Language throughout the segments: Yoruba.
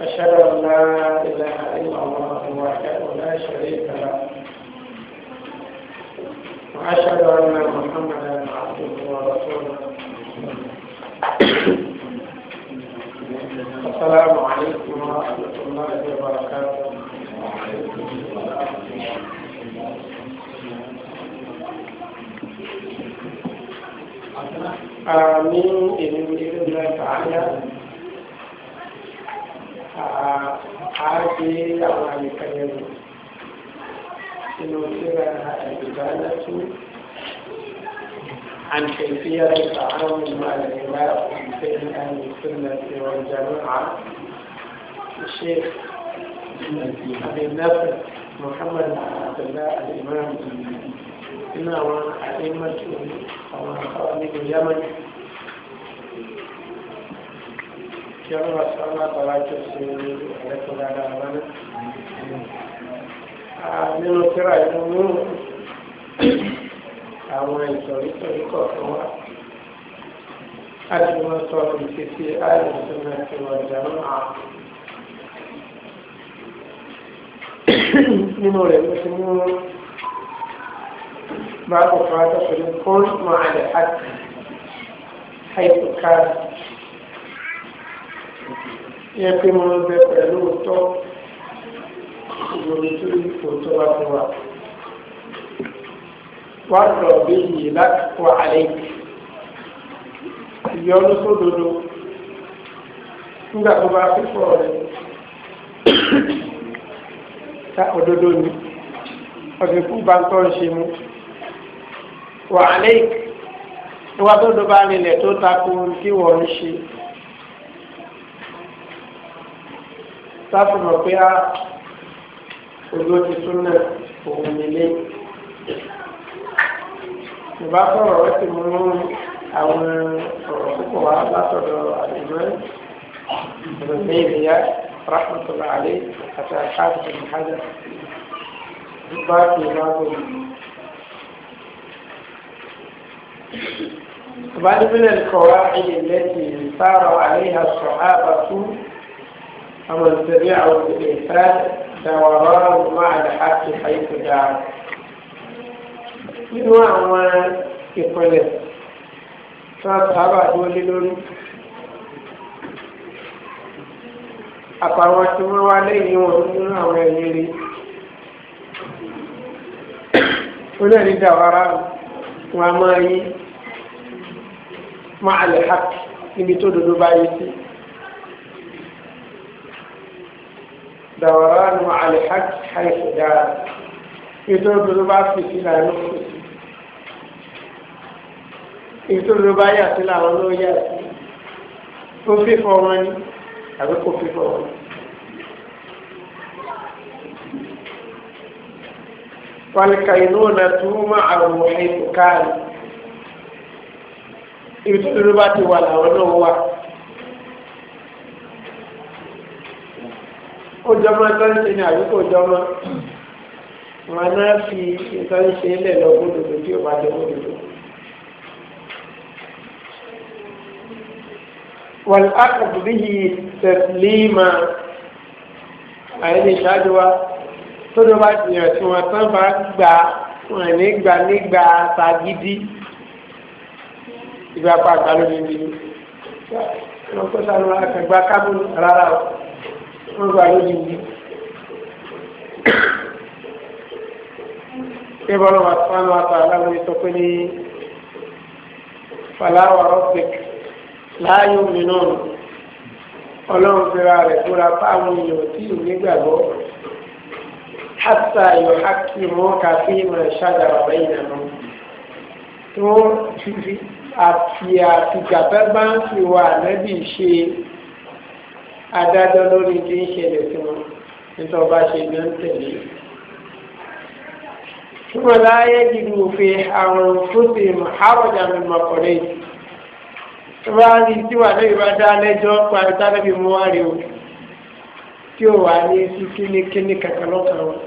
أشهد أن لا إله إلا الله وحده لا شريك له وأشهد أن محمدا عبده ورسوله السلام عليكم ورحمة الله وبركاته آمين بإذن الله تعالى àágbé àwọn àyíká ẹ̀rù sínú síra ìdánilẹ́tú عن كيفية التعامل مع العراق في أهل السنة والجماعة الشيخ أبي النصر محمد عبد الله الإمام إنه أئمة ومن خالد اليمن kí ọlọ́wà sí ọlọ́tọ̀lá jọ sí ẹ̀lẹ́kọ̀ọ́ dáadáa lọ́nà. nínú kíra inú mú àwọn ìtọ̀rítọ̀rí kọ̀ọ̀kan wá láti wọ́n sọ ìfisí àìsàn àti ọ̀jà náà. nínú rẹ̀ ló ti mú bá ọ̀pọ̀ àtọ̀sọ̀rọ̀ fún mọ́ àlẹ́ àti àìsàn káàdì yẹ pé mo ń bẹ pẹ̀lú òótọ́ ìròyìn tó yí òótọ́ wá fún wa. wá lọ bí yìí láti kó àlẹ́ yìí ìyọnu tó dodo nígbà tó bá fífọ́ rẹ̀ ta òdodo ni ọ̀sìn fún bàtọ́ ń ṣe mú wà àlẹ́ ìwà tó bá nílẹ̀ tó takò tí wọ́n ń ṣe. تاسو نو پیا وګورئ سنت او ملي نو تاسو نو وخت مونږ او نو تاسو په هغه تاسو د دې د دې الله عليه حتى حافظ بن حجر باقي راغو بعد من القواعد التي سار عليها الصحابه ومن تبعه بإحسان دوران مع الحق حيث دار nínú àwọn ìpìlẹ̀ tí wọ́n sábà dúró lé lórí àpàwọn tí wọ́n wá lẹ́yìn wọn nínú àwọn ẹ̀yìn rí olórí dàwárà wọn a máa yí máa lè hàkì níbi tó dodo bá yé sí. دوران àlìhájì àìsè dára ètò òdodo bá fi sí làwọn ló fi sí ètò òdodo bá yà sí làwọn ló yà sí ó fífọ wọn ni àbí kò fífọ wọn ni. والكينونة معه حيث كان ìtúndúró ti wà làwọn náà ó jọmọ́ tó ń ṣe ní àdúgbò jọmọ́ wọn náà fi tó ń ṣe lẹ̀ lọ gbódòdó tí ó bá jọ gbódòdó. wọ́n á kàdù bí yìí tẹ̀límà àyẹ̀lẹ̀ ìṣáájú wa tó ló bá jìyàn tí wọ́n tán bá gbà wọ́n nígbà nígbà tagídí ìgbà pàtàkì lónìí ni wọ́n kó sanu akẹgbà kábùn rárá o wọ́n gba lójú mi. ṣé bọ́lá wa sọ́nà wa ta aláwọ̀ yìí sọ pé ní fàlàwà rọ́bìk láàyò mìíràn ọlọ́run fira rẹ̀ fúnra fáwọn èèyàn tí ò nígbàgbọ́ hasa yóò hákì mọ́ káfí mọ̀ ṣáàdàrà lẹ́yìn àná tí wọ́n fi àti àtìgbà bẹ́ẹ̀ bá ń fi wà nẹ́bí ṣe adájọ́ lórí tí ń ṣẹlẹ̀ sí wọn nítorí ọba ṣe gbé ń tẹ̀lé. tí wọn láyé dìbò òfin àwọn fúnṣe àwọjà mi mọ̀kọ̀rẹ́ yìí. tí wọ́n á rí tí wà lórí bá dá lẹ́jọ́ parí tábìlì mú wá rí o tí ó wà ní sí kínníkínní kankan lọ́kàn wọn.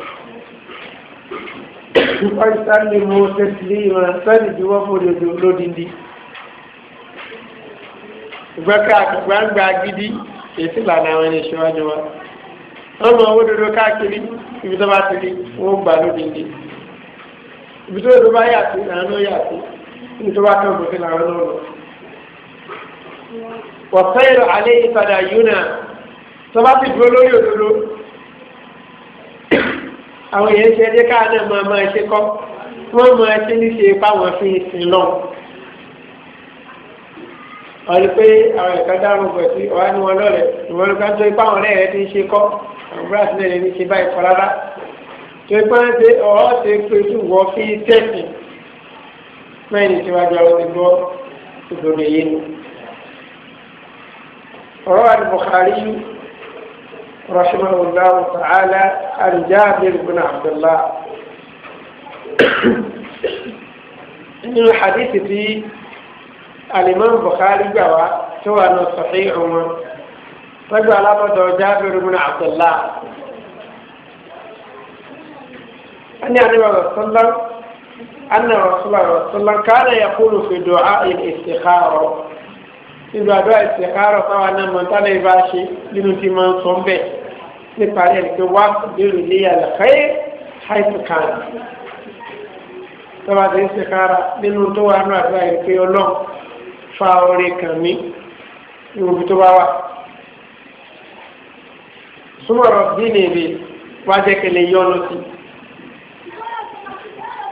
wọ́n sáré mú tẹ̀sílẹ̀ ìmọ̀ sáré ìdíwọ́ fún lódìndí. ìgbẹ́ka àgbàǹgbà gidi èsì lànà àwọn ẹni ìṣíwájú wa wọ́n mọ owó dodo káàkiri ibi tó bá ti rí wọ́n gbà lódìndín ibi tó dodo bá yà sí làwọn náà yà sí ibi tó bá kàn bọ̀ sí làwọn náà lọ. wọ́pẹ́rọ alẹ́ ìpadà yúnà tó bá ti dúró lórí òdodo àwọn èèyàn ṣe ẹjẹ́ káà náà máa máa ṣe kọ́ wọ́n máa ṣe níṣe ipá wọn fi ìsìn lọ́wọ́ wọ́n rí pé àwọn ẹ̀ka dárùn bọ̀ sí ọ̀hán ni wọ́n lọ́lẹ̀ ìwọ́n ló ká tó ipá àwọn ọ̀rẹ́ rẹ ti ń ṣe kọ́ àwọn búrásì náà lè ní ṣe báyìí kọ́ rárá tó ipá ń ṣe ọ̀hán ṣe pé tí wọ́n fi tẹ̀sìn síwájú àwọn ti gbọ́ ìdòdò yìí ni. ọ̀rọ̀ àti Bukhari rahimahullah ta'ala al-Jabir bin Abdullah nínú hadithi bíi alimam bukhari gbà wá tó wà ní sahih wọn wọ́n gbà alábọ̀dọ̀ jábìrì ibn abdullah ani anabi rasulillah anna rasulillah rasulillah kana yaqulu fi du'a al-istikhara nínú àdó àìsèkárọ̀ táwọn náà mọ̀ tálẹ̀ ìbá ṣe nínú tí máa ń sọ ń bẹ̀ nípa rẹ̀ pé wá lérò lé àlàkáyé àìsèkárà tọ́ba ti ń sèkárà nínú tó wà fa oore kàn mí ìwòbí tó bá wà súnmọ̀rọ̀ bí nìyí wá jẹ́ kí lè yọ ọ́ lọ sí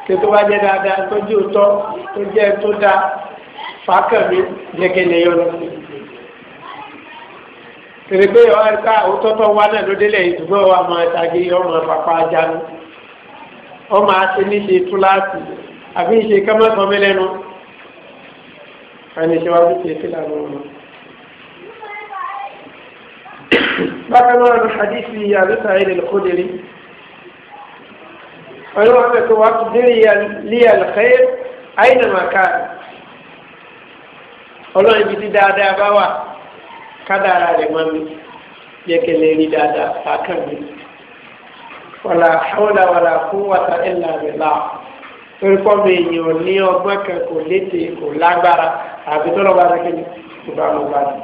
kí tó bá jẹ́ dáadáa tó jẹ́ òótọ́ tó jẹ́ tó dáa fàákàmí jẹ́ kí lè yọ ọ́ lọ sí tẹ̀lẹ́gbẹ́ yọ ká òótọ́tọ́ wa náà ló délẹ̀ ìdúgbò wa máa tagi ọmọ pàpà jánu ọmọ àti níṣe túláàsì àbí ìṣe kámẹ́sàn-án ẹni ìṣèwádìí ti fìlànà wọn. bákan náà ní hadithi àbíta ilẹ̀ lọ́kọ́dẹ̀rí ọlọ́wọ́ bẹ̀ tó wá délé líyà lẹ́yìn àyìnàmàkà ọlọ́run ibi tí dáadáa bá wà kádàrà rẹ̀ mọ́ mi yẹ kẹlẹ́ rí dáadáa fàákàn mi wàlà hawla wàlà quwwata illa billah torípọ́ mi èèyàn ní ọgbọ́n kan kò létè kò lágbára àbí tó lọ́ba rẹ̀ kéde kò bá mo bá rẹ̀.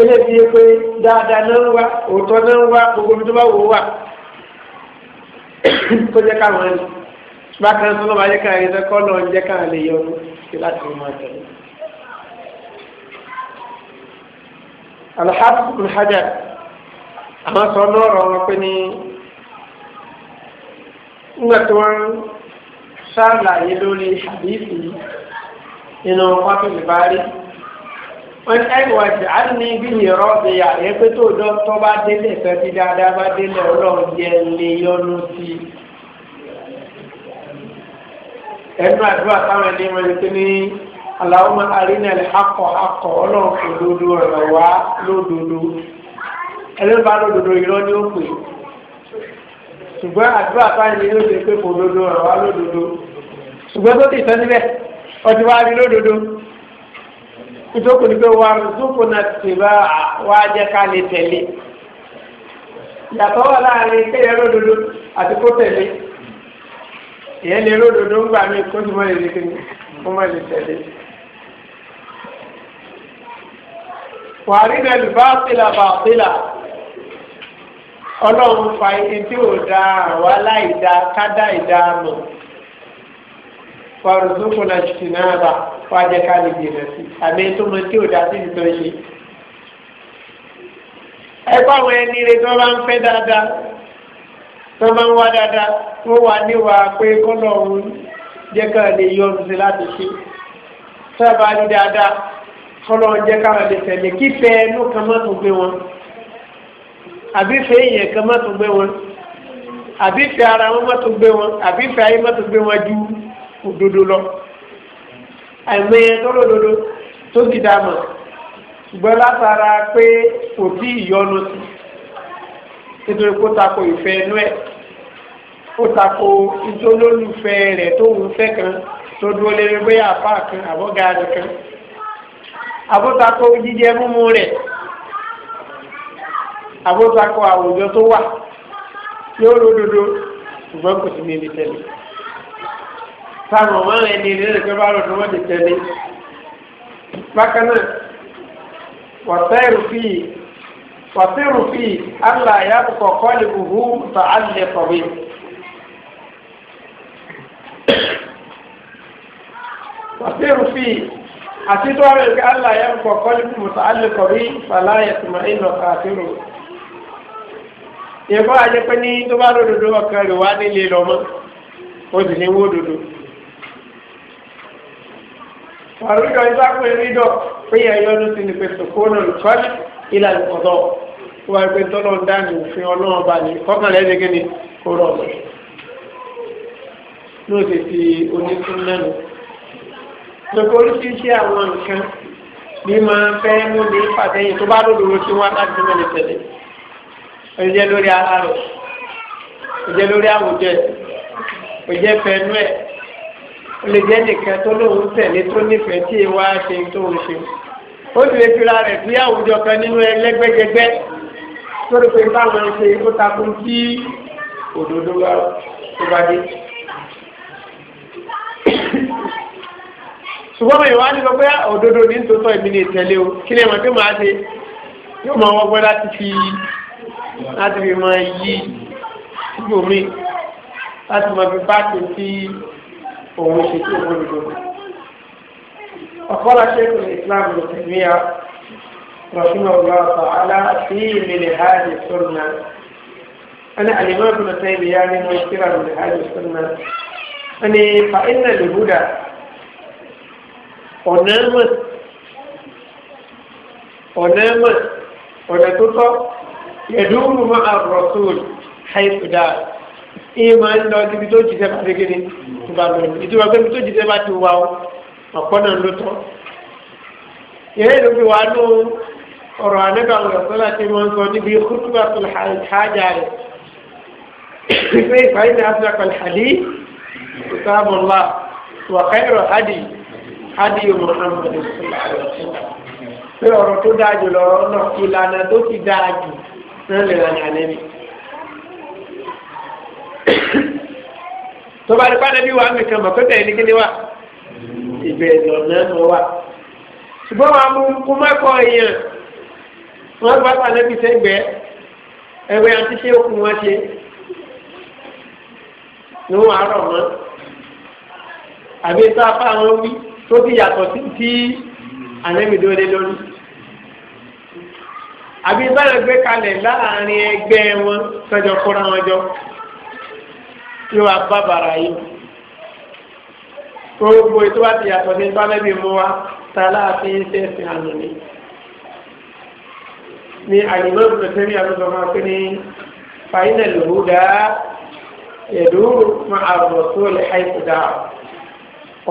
ó lè fi pé dáadáa náà ń wá òótọ́ náà ń wá gbogbo omi tó bá wò ó wà kó jẹ́ káwọn ẹni bákan tó lọ́ba jẹ́ káwọn ẹni kọ́ náà jẹ́ káwọn lè yọ ọdún sí láti mú máa tẹ̀lé. alhassan hajar àwọn sọ náà rọ pé ní nígbà tí wọ́n ṣàlàyé lórí àdìsí nínú pápẹ́lì báárí wọ́n ní ẹ̀wọ̀n ẹ̀jẹ̀ á ní bí ìrọ̀ ṣe yà ẹ́ pé tó dọ́tọ́ bá délé ìfẹ́ tí dáadáa bá délé ọlọ́run jẹ́ lè yọnu sí i. ẹnu àdúrà táwọn ẹni wọn ti ní aláwọmọ àrínà akọ akọ ọlọ́run kò dodo ọ̀rọ̀ wá lódodo ẹlẹ́bàá lódodo irọ́ ni ó pè é ṣùgbọ́n àdúrà táyì ló ṣe pé kò dodo ọ̀rọ̀ wa lódodo ṣùgbọ́n tó ti sọ níbẹ̀ ọtí wa rí lódodo ìjókòó ni pé wà zúkò náà ti bá wa jẹ́ ká lè tẹ̀lé yàtọ̀ wà láàrin kéèyàn lódodo àti kó tẹ̀lé ìyẹn lè lódodo ń gbà mí kó sì mọ́ lè lè kéèyàn kó mọ́ lè tẹ̀lé. wàá rí bẹ́ẹ̀ bá tìlà bá tìlà ọlọ́run fa ẹni tí ò da àwa láìda kádà ìdá mọ̀ fọrùsùnkùnà ṣìnàbà fàjẹ ká lè jìnà sí àmì tó mọ tí ò da sí ìtọ́ ṣe. ẹgbẹ́ àwọn ẹni rẹ tí wọ́n bá ń fẹ́ dáadáa tí wọ́n bá ń wá dáadáa wọ́n wà níwà pé kọ́lọ́run jẹ́ ká lè yọ ọ́n sí láti ṣe sábà ní dáadáa kọ́lọ́run jẹ́ ká lè tẹ̀lé kífẹ́ ẹnu kan mọ́tò gbé wọn àbífẹ́ èèyàn kan má tún gbé wọn àbífẹ́ ara wọn má tún gbé wọn àbífẹ́ ayé má tún gbé wọn ju òdodo lọ àìmọye tó lòdodo tó ti dà mọ̀ ṣùgbọ́n látara pé kò tí ì yọnu sí nítorí kó tako ìfẹ́ inú ẹ̀ ó tako ìtòlólùfẹ́ rẹ̀ tó ń fẹ́ kan tó dúró lérí bóyá apá kan àbọ̀gá rẹ̀ kan àbótakó jíjẹ múmú rẹ̀ àbótakọ àwùjọ tó wà yóò lódodo ṣùgbọ́n kò sí ní ibi tẹ́lẹ̀ táwọn ọmọ rẹ ní ilé ìgbẹ́ bá lọ́dún wọ́n ti tẹ̀lé bákan náà wàtẹ́rù fi wàtẹ́rù fi allah ya kọ̀ kọ́lì buhu ta alẹ́ kọ̀wé. wàtẹ́rù fi àti tó wà lórí allah ya kọ̀ alẹ́ kọ̀wé fàlàyé tùmọ̀ ìnà kàtẹ́rù ìyẹ̀kọ́ àjẹ́ pé ní tó bá lódodo ọkàn rẹ̀ wá nílé lọ́mọ́ ó sì ní wó dodo. Àrùjọ ìsápẹ́ rídọ̀ pé ẹ̀yọ́ ló ti ní pé sòkónà lùkọ́lì ìlà ìkọ̀dọ̀ tó wá pé tọ́lọ̀ ń dá ní òfin ọlọ́run bá ní kọ́kànlẹ́ ẹ̀dẹ́ kí ni kó rọ̀ lọ. Ló ti fi onísún lẹ́nu. Lọ́kọ̀ oríṣiríṣi àwọn nǹkan bí máa fẹ́ mú ní pàtẹ́yìn tó bá lódodo tí wọ́n á láti mẹ́lẹ̀ tẹ̀lé ẹjẹ lórí ara rẹ ẹjẹ lórí àwùjọ ẹ ẹjẹ fẹnu ẹ ó lè jẹ nìkan tó lóun tẹ̀lé tó nífẹ̀ẹ́ tí ì wá ṣe tó ń ṣe ó sì lè fira rẹ bí àwùjọ kan nínú ẹlẹ́gbẹ́jẹgbẹ́ sórí pé báwọn ṣe kó takun sí òdodo wa tó bá dé. ṣùgbọ́n mi wá ní sọ pé òdodo ní tòótọ́ èmi ìtẹ̀lé o kí ni ẹ̀mọ́ tó máa ṣe yóò máa wọ́gbọ́n láti fi láti fi máa yí gbòmí láti máa fi báàkì tí òun ṣe tí òun lò. ọ̀pọ̀lọpọ̀ ṣẹ́kù islam ló ti ní a rọ̀ṣúná ọ̀gbọ́n ọ̀tàlá sí ìmìlẹ̀ hajj sọ́nà. أنا الإمام ابن تيمية يعني مشكلة من هذه السنة أنا فإن الهدى ọ̀nà mọ̀ ọ̀nà mọ̀ ọ̀nà tó tọ́ yẹ̀dúnmù mọ́ àrọ̀sùn àìsùdá ìyẹn máa ń lọ síbi tó jíṣẹ́ bá dégé ni tó bá lọ ní ìtura pé ibi tó jíṣẹ́ bá ti wà ó ọ̀pọ̀ náà ló tọ́. yẹ́n ló fi wá ní ọ̀rọ̀ ànágbà ọ̀rọ̀ sọ́lá tí wọ́n sọ níbi kútùbà tòlhájà rẹ̀ pé ìfàyín náà sọ pẹ̀lú àdí ìsàmùlá wà káyọ̀rọ̀ àdì àdì Muhammad sọ̀rọ̀ náà lè ni. yàn lẹ́bi. tó bá rí pàdé bí wàá mọ̀ pé bẹ́ẹ̀ ni kí ni wà ìbẹ̀rẹ̀ ọ̀nà mọ̀ wà. ṣùgbọ́n wàá mú kó má kọ èèyàn wọ́n bá pàdé bí sẹ́gbẹ́ ẹ̀wẹ̀ àti ṣé okùn wọn ṣe ni wọ́n á mọ́ àbí sáfà wọn wí tó ti yàtọ̀ sí ti ànẹ́mìdó lé lórí àbí báyọ̀ gbé kalẹ̀ láàrin ẹgbẹ́ wọn sọ́jọ́ kóra wọn jọ yóò wá bá bàrà yìí gbogbo ètò bá ti yàtọ̀ ní bálẹ́bí mú wa ta láàfin sẹ́sìn àná ni ni àyìnbó pẹ̀tẹ́rì àlùsọ máa pé ní fàyínà lòó dáa ẹ̀dú máa bọ̀ tó lè àìsí dáa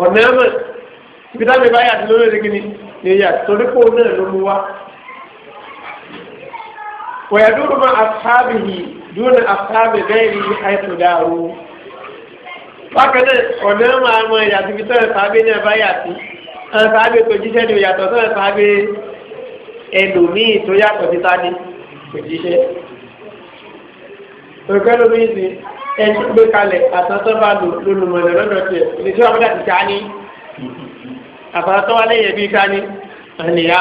ọ̀nà ẹ̀mọ̀ ibi táwọn ìbáyà ti lórí ẹ̀dẹ́gbẹ́ni ni ìyà torí náà ló mú wa. ويدور مع أصحابه دون أصحاب غيره حيث داروا wákàtí ọ̀nà máa mọ ìyàtọ̀ ibi sọ̀rọ̀ sábẹ́ náà bá yàtí àwọn sábẹ́ tó jíṣẹ́ ni ìyàtọ̀ sọ̀rọ̀ sábẹ́ ẹlòmíì tó yàtọ̀ sí sáni kò jíṣẹ́. òkè lómi sí ẹni tó gbé kalẹ̀ àtọ̀tọ̀ bá lò lólùmọ̀nà lọ́dọ̀ tiẹ̀ ìdíjọ́ àbúdá ti ká ní àbátọ́ wálé yẹ bí ká ní àníyá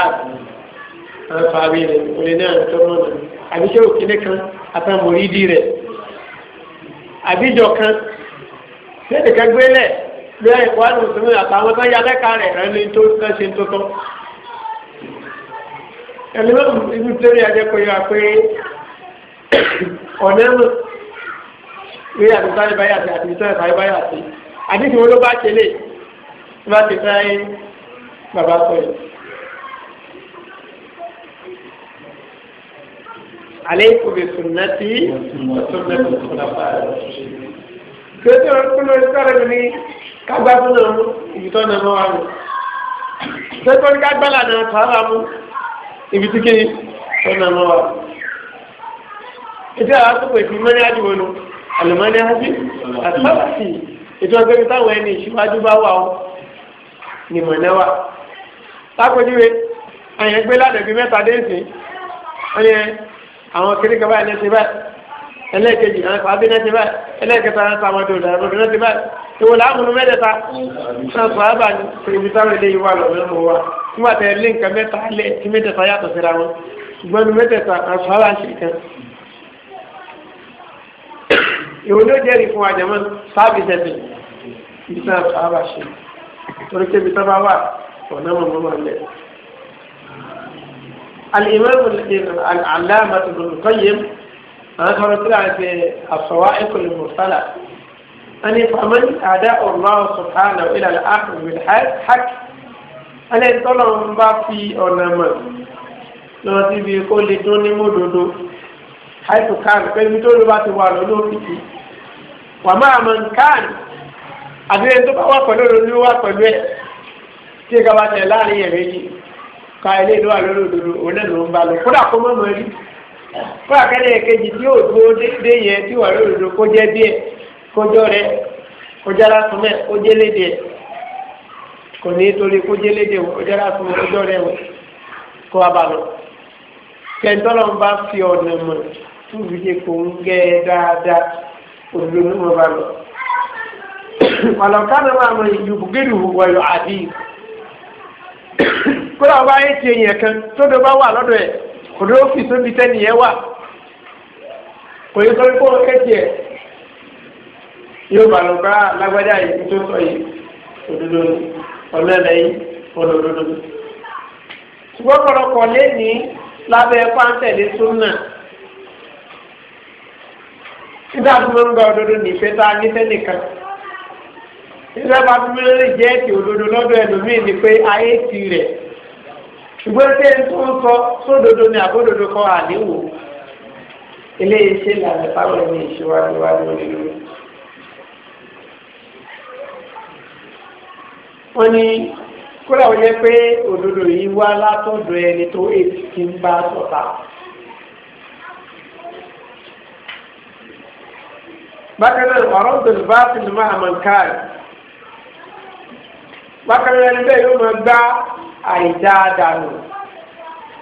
àwọn sábẹ́ rẹ̀ olè náà tó mọ̀nà ní àbí ṣé òkèlè kan àtàwọn mòrídì rẹ̀ àbíjọ kan lẹ́nìkan gbélẹ̀ lóyè ìwádìí mùsùlùmí àtàwọn tó yá lẹ́ka rẹ̀ rẹ̀ ní tó ń ṣe tó tán. ẹlẹ́wọ̀n ibi tó rí ajẹ́kọ̀ọ́ yà pé ọ̀nà ẹ̀mọ̀ rí àtúntà ìbáyà àti àtúntà ìbáyà àti àdéhùn olóbàkẹ́lẹ̀ tí wọ́n ti fẹ́ bàbá sọ̀rọ̀. aleikum bi sunnati wa sunnati khulafa gbèsè ọkùnrin lórí sọ̀rọ̀ mi ní kágbá fún náà mú ibi tó nà mọ́ wa mú gbèsè ọkùnrin kágbá là nà sàrà mú ibi tí kì í tó nà mọ́ wa. ìdí àwọn àtúkò ìfi mọ́ni àdìwọ̀n nù àlùmọ́ni àti àtàwàsì ètò ọgbẹ́ni táwọn ẹni ìṣíwájú bá wà ó ni mọ̀nà wa. lápẹjúwe àyẹ̀gbẹ́ ládàbí mẹ́ta dé sí ẹni àwọn kiri kaba ẹni ti báyìí ẹlẹ́ẹ̀kejì àwọn sábẹ́ náà ti báyìí ẹlẹ́ẹ̀kẹta àwọn sàmọ́dé òdà ẹ̀rọ náà ti báyìí ìwò làámùnú mẹ́tẹ̀ẹ̀ta náà sọ̀rọ̀ ibi táwọn ilé yìí wà lọ́wọ́ nínú wa nígbà tẹ̀ lé nǹkan mẹ́ta lé tí mẹ́tẹ̀ẹ̀ta yàtọ̀ síra wọn ṣùgbọ́n ní mẹ́tẹ̀ẹ̀ta àwọn sọ̀rọ̀ àṣì kan. ìwò ló jẹ́rìí fún àjẹmọ́ sábẹ́ tẹ̀sí ibi táwọn sọ̀rọ̀ torí pé ibi wà ọ̀nà mọ̀mọ́ الإمام العلامة ابن القيم أنا طلعت الصواعق المرسلة أن فمن أداء الله سبحانه إلى الآخر بالحق أنا طلع من في أنما lọ síbi kó lè dún ní mòdodo àìsàn kan pẹ̀lú tó ló bá ti wà lọ́dún òkìkí wà máa mọ nǹkan àdúrà tó bá wà pẹ̀lú olórí wà pẹ̀lú ẹ̀ tí ìka bá tẹ̀ láàrin ẹ̀rẹ́ yìí. ka ilé ìlú àlọ́ òdodo olóòdò ń bá lọ kódà kó mọ́ mọ́ kódà kẹ́lẹ́ kejì tí yóò dúró dé yẹn tí wà lódodo kó jẹ́ bí ẹ̀ kójọ́ rẹ kójọ́ lásán mẹ́ kójẹ́ léde kò ní torí kójẹ́ léde ẹ̀ kójọ́ lásán mẹ́ kójọ́ rẹ kó wa bá lọ. kẹ́ńtọ́lọ́ ń bá fi ọ̀nà mọ̀ túbi ṣe kò ń gẹ́ dáadáa òdodo ní mo bá lọ. ọ̀nà kánú máa mọ ìlú kódà ọba ayé ti èèyàn kan sódò bá wà lọ́dọ̀ ẹ̀ òdò ó fi sóbi tẹ́ni yẹn wà kò yẹ sọ pé ó kẹ́tì yóò bá lọ bá lágbádá yìí tó sọ yìí òdodo ọlọ́lẹ̀ yìí ṣùgbọ́n lábẹ́ pàǹtẹ̀lẹ́ ń gba òdodo nífẹ̀ẹ́ tá a nífẹ̀ẹ́ nìkan. nígbà bá fi wílé lè jẹ́ ètò òdodo lọ́dọ̀ ẹlòmíì ni pé ayé ti rẹ̀ ṣùgbọ́n pé tó ń sọ sódodo ni àbódodo kọ́ àníwò eléyìí ṣe lànà táwọn ẹni ìṣèwádìí wá lórí lórí. wọ́n ní kódà wọ́n yẹ pé òdodo yìí wá látọ̀dọ̀ ẹni tó èsì ti ń bá sọ̀tà. bákan náà ọ̀rọ̀ tó bá máa mọ̀ káàdì bákan náà níbẹ̀ yóò máa gbá àìdáadáa nù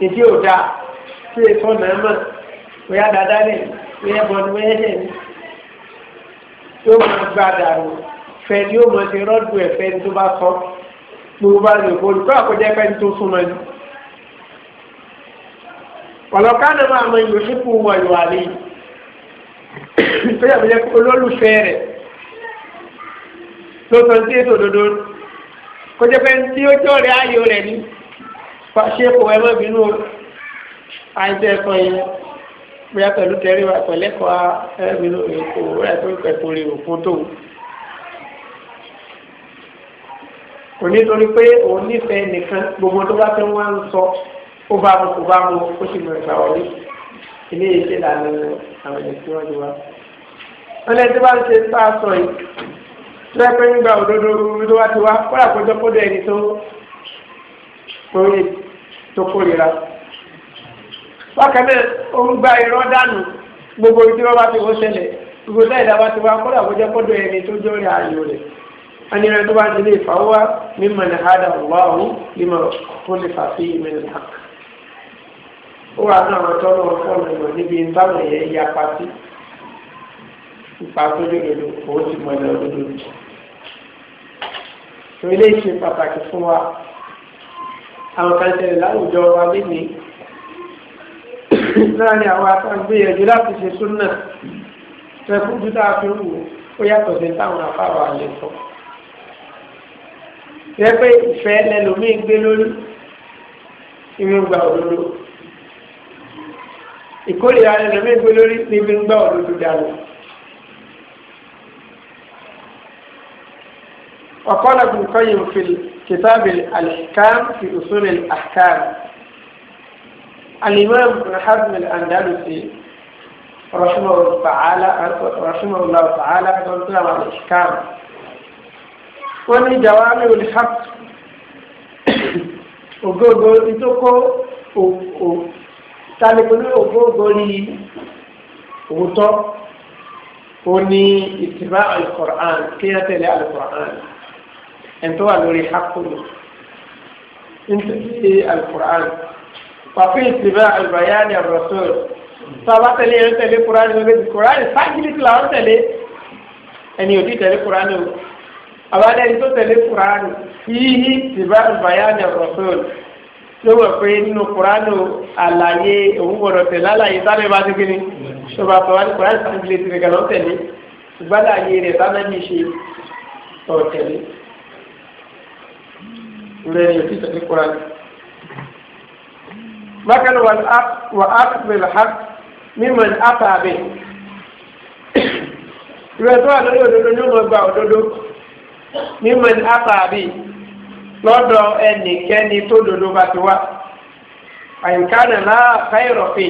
èdè òdà tí èso náà mọ̀ bóyá dáadáa lẹ̀ bóyá bọ́ọ̀nù bóyá lẹ̀ ní yóò máa gbá dànù fẹ́ ni yóò máa ti rọ́dù ẹ̀fẹ́ ní tó bá sọ gbogbo bá lè bọ́ olùkọ́ àkójọ ẹ̀fẹ́ ní tó súnmọ́ ni. ọ̀lọ́ká náà máa mọ ìlú sípò wọ̀ ìwà àlè tó yàgbé olólùfẹ́ rẹ̀ ló sí ètò òdodo kó jẹ́ pé tí ó jọ rẹ̀ ayò rẹ̀ ni ṣé kò ẹ mọ́ bínú àìsẹ́ ẹ̀kọ́ yẹn bí a pẹ̀lú tẹ̀rí wa pẹ̀lẹ́kọ̀ọ́ ẹ bínú rẹ̀ kò rẹ̀ tó pẹ̀kọ́ rẹ̀ òfin tó kò nítorí pé òun nífẹ̀ẹ́ nìkan gbogbo tó bá fẹ́ wá ń sọ ó bá mu kò bá mu ó sì mọ ìgbà wọlé ilé iṣẹ́ lànà àwọn ènìyàn tí wọ́n ti wá. wọ́n lẹ́ni ṣe bá a sọ yìí tó yẹ pé ń gba òdodo tó wá ti wá kódà kó jọ kódà ẹni tó kórè tó kórìíra. bákan náà ó ń gba irọ́ dànù gbogbo ibi tí wọ́n bá ti wọ́n ṣẹlẹ̀ gbogbo táyì dá bá ti wá kódà kó jọ kódà ẹni tó jọ rẹ̀ ayò rẹ̀ ani rẹ tó bá ti lè fà wá mímọ ní hada wà ó mímọ kó lè fà sí ìmọ̀ ní ó wà náà tọ́lọ́ fọ́ọ̀mù ìmọ̀ níbi ìbámu fífa tó lódodo kò ó sì mọ ẹ̀rọ lódodo. tó eléyìí ṣe pàtàkì fún wa àwọn kan ṣẹlẹ̀ láwùjọ wa lénìí láàrin àwọn akáǹgbéyànjú láti ṣe súnà tó ẹkú ju tá a fi wù ó yàtọ̀ sí táwọn afáwà lè sọ. Ìyẹn pé ìfẹ́ lẹ́lòmíì gbé lórí ìrìngbà òdodo. Ìkórìíra lẹ́lòmíì gbé lórí ní ìrìngbà òdodo dànù. وقال ابن القيم في كتاب الأحكام في أصول الأحكام الإمام ابن حزم الأندلسي رحمه الله تعالى رحمه الله تعالى تنطلب على الإحكام ومن جوامع الحق ògógó ìtókó òkò tálẹ́kọ̀ ní ògógó ní òótọ́ ó ní ìtìbá al-Qur'an kí ẹ tẹ̀lé al ẹ̀ńtọ́ wà lórí hakulu nítorí alukur'an wàfin ìsìnbá albayani ar-rasul sábà tẹ̀lé ẹ̀rọ tẹ̀lé kur'an lórí kur'an fagilé tí làwọn tẹ̀lé ẹni òdi tẹ̀lé kur'an o àbádẹ́ ẹni tó tẹ̀lé kur'an yíyí ìsìnbá albayani ar-rasul ló wọ̀ pé nínú kur'an o àlàyé òun gbọdọ̀ tẹ̀lé àlàyé sábẹ́ bá ti gbin tó bá tọ́wá ní kur'an fagilé tí nìkan lọ́ tẹ̀lé ìgbàlàyé rẹ̀ sábẹ́ rẹ̀ yóò ti tẹ̀lé kura ni. bákan náà wà á bẹ̀rẹ̀ ha mímọ̀ ní àtàbẹ̀ ìrẹ̀ tó wà lórí òdodo ní ọmọ gba òdodo mímọ̀ ní àtàbẹ̀ lọ́dọ̀ ẹnìkẹ́ni tó dodo bá ti wá àyíkáná náà káyọ̀rọ̀ fè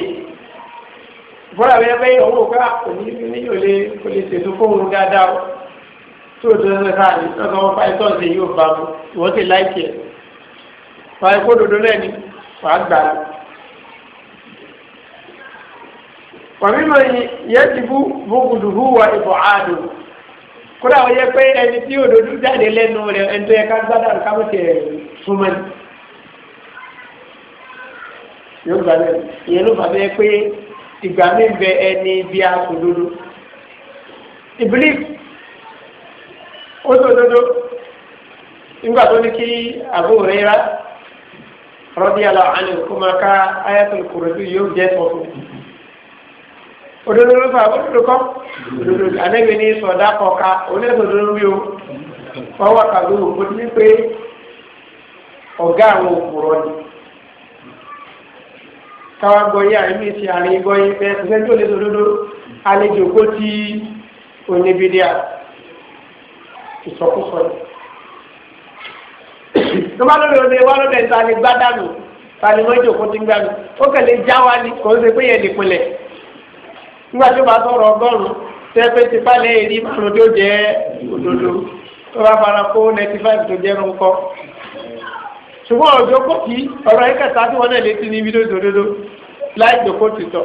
bọ́lá bẹ́ẹ̀ bẹ́ẹ̀ ọ̀hún òkú àkùnrin ní yòlé kò lè ṣètò fóun dáadáa o tí o tún ṣe káàdì lọ́sọ̀ wọn fáyé tó ń ṣe yóò bá mu ìwọ́n ti láìkì ẹ̀ fàyè kó dodo náà ni wàá gbà á. wàmí ma yẹ ti bú bókùdù hu wa ìbò àdó kódà wọ́n yẹ pé ẹni tí òdodo jáde lẹ́nu rẹ̀ ẹni tó yẹ ká gbádà ká bó súnmọ́ ni. yóò gbà bẹ́ẹ̀ ìyẹn ló fà bẹ́ẹ̀ pé ìgbà mi bẹ ẹni bí a kò dodo. ìbílíkì ó tó dodo nígbà tó ní kí Abu Huraira radiyallahu anhu kó máa ká ayatul kursi yóò jẹ́ sọ̀tún òdodo ló fà òdodo kọ́ òdodo anẹ́gbẹ́ ní sọ̀dá kọ̀ọ̀ka onídòdó lórí o wọ́n wà kàdó òkú ní pé ọ̀gá àwọn òkúrọ̀ ni káwá gbọ́yé àìmí ti àárín gbọ́yé pé tó lè sọ̀dodo àlejò kó ti oníbídíà ìsọkúsọ yìí. tọ́ba lórí ọdẹ wa lọ́dẹ ta ni gbádànù ta ni wọ́n jòkó ti gbádànù ó kẹ̀lé já wa ni kò ń ṣe pé yẹn nìpínlẹ̀ nígbà tó bá sọ̀rọ̀ ọgọ́rùn-ún tẹ́pẹ́ ti falẹ̀ èrí márùn tó jẹ́ òdodo tó bá fara kó ninety five tó jẹ́ rúnkọ́ ṣùgbọ́n ọjọ́ kókì ọ̀rọ̀ ẹ̀kẹta tí wọ́n náà létí ní fídíò òdodo láì jòkó ti tọ̀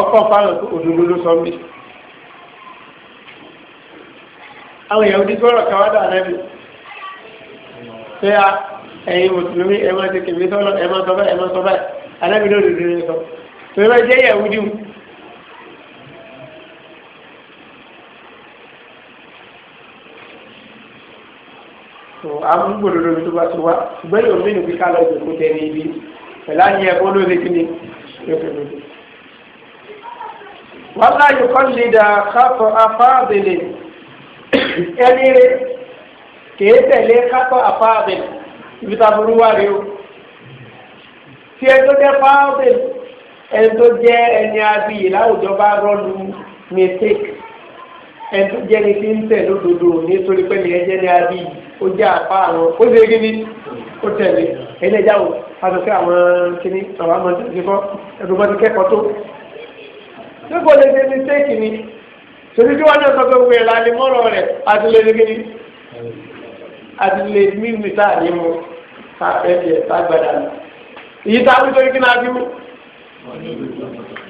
ọkọ̀ fara òdodo ló àwọn èèyàn ojú tọ́rọ̀ kan wá dà nẹ́bí pé a ẹ̀yin mùsùlùmí ẹ máa ti kèmí sọ́nà ẹ máa sọ báyìí ẹ máa sọ báyìí alẹ́bí ló lè dúró sọ pé wọ́n jẹ́ ìyàwó jù. tó amúgbòdo lórí tó bá tó wá ṣùgbọ́n yóò mí nìkú ká lọ ìdòkú tẹ ní ibi pẹ̀lú àyè ẹ̀kọ́ lóde kí ni lóde lóde. kọ́ lè dà káfọ́ afáàbẹ̀lẹ̀ ẹni rẹ kèé tẹ̀lé kápọ̀ àfáàbẹ̀ ibi taburú wà rí o tí ẹ tó jẹ́ fáàbẹ̀ ẹni tó jẹ́ ẹni abiyì láwùjọ bá rọ́ọ̀lù mistake ẹni tó jẹ́ ni fi ń tẹ̀ lódodo nítorí pé ni ẹ jẹ́ ni abiyì ó jẹ́ àpá àwọn ó ṣe kí ni ó tẹ̀lé ẹni ẹja wò asòfin àwọn kìíní àwọn àmọ́ ìdíkọ́ ẹgbẹ́ bọ́dún kẹ́kọ̀ọ́ tó. níbo lè ṣe mistake ni torí tí wọ́n náà sọ pé gbogbo ẹ̀ lálẹ́ mọ́rọ̀ rẹ̀ àtìlẹ́ ní kíni àtìlẹ́ mímu táàrí mu káfẹ́ jẹ tágbàdà lọ. Ìyí tá a mú torí kí náà fi mú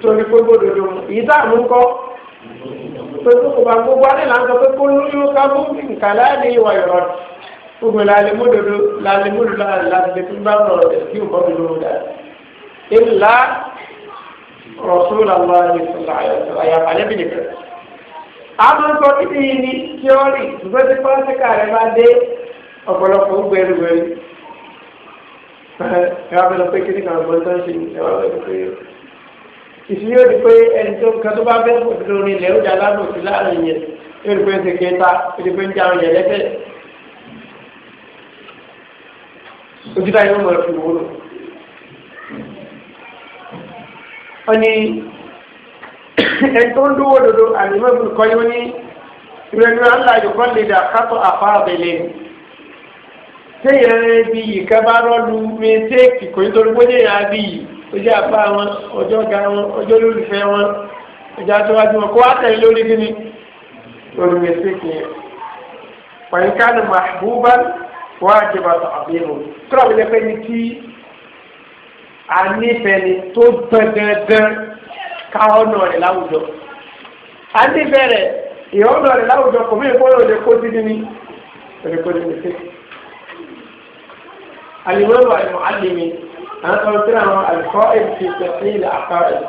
torí pé gbódòdó mu ìyí tá a mú kọ́ pé gbogbo bá gbogbo alẹ́ là ń sọ pé kó lóyún ká mú nǹkan láàyè ìwà ìrọ̀ gbogbo lálẹ́ mọ́dodo lálẹ́ mọ́dodo lálẹ́ tó bá rọ̀ rẹ̀ kí nǹkan mi lóhùn dáa. Ìlà rọ̀ṣúlù àwọn sọ títí yìí ní tíọ́rì ṣùgbọ́n tí pọ́ńtíkà rẹ bá dé ọ̀pọ̀lọpọ̀ ó gbẹrù gbẹrù ẹ wá fẹ́ lọ pé kí ni kàwọn ọmọdé tó ń ṣe ẹ wá fẹ́ lọ pé ìṣúyí ó di pé ẹni tó kan tó bá fẹ́ kó tó lórí ilẹ̀ ó jà sí láàrin yẹn ó di pé ń ṣe kẹta ó di pé ń jarun yẹn lẹ́sẹ̀ ojútà yóò mọ̀ ẹ́ fi wúlò. ẹ̀tọ́ ń dúró dodo ànímọ́bù kọ́yọ́ ní ìrẹ̀lú aláyọ̀kọ́ lè dà kátó àfáàbẹ̀lẹ̀ téèyàn bí yìí ká bá rọ́ọ̀lù mẹ́tẹ́ẹ̀kì kò ní torí bóyá yàrá bí yìí ọjọ́ àbá wọn ọjọ́ ọ̀gá wọn ọjọ́ olólùfẹ́ wọn ọjọ́ àtúwájú wọn kó wá tẹ̀lé lórí kí lórí mẹ́tẹ́ẹ̀kì yẹn. pàyínká ni màbúbá wọ́n á jẹba àbẹ̀wò kúrò àwọn ẹgbẹ́ ni kí a nífẹ̀ẹ́ ni tó gbẹ̀gẹ̀dẹ̀ káwọn ọ̀nà rẹ̀ láwùjọ. a ní bẹ̀rẹ̀ ìhọ́ ọ̀nà rẹ̀ láwùjọ kò mìíràn kóyọ̀ lè kó dídí ní lè kó dídí sí. alimọ́lù àlùmọ́ alimi àwọn kan tí àwọn àlùkọ́ èdè tẹ̀sí ilẹ̀ àkàrẹ̀.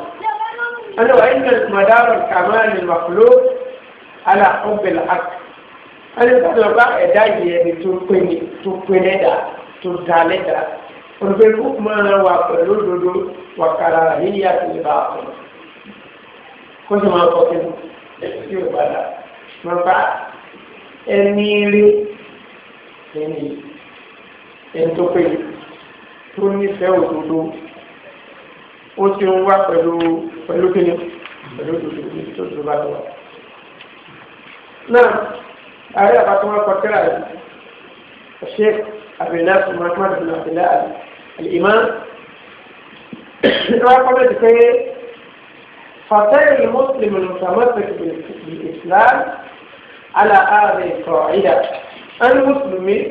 ẹni wà ní mọ̀dárọ̀ kàmáàlì màfúló alà ọ̀bẹ̀lẹ̀ àk ẹni tó lọ bá ẹ̀dá yìí ẹni tó pé tó pé lẹ́dà tó dá lẹ́dà olùgbé kó máa wà pẹ̀lú òdodo wà kàrà yíyá tó lè bá a sọ̀rọ̀ ó sì máa kọ́ kí ni yóò padà máa bá ẹni rí ẹni ẹni tó pé tó nífẹ̀ẹ́ òdodo ó ti ń wá pẹ̀lú pẹ̀lú kí ni pẹ̀lú òdodo ní tó tó bá lọ́wọ́. náà ààrẹ àbátanwá kọ́kẹ́rà الشيخ أبي ناصر محمد بن عبد الله الإمام. فترى المسلم المتمسك بالإسلام على هذه القاعدة المسلم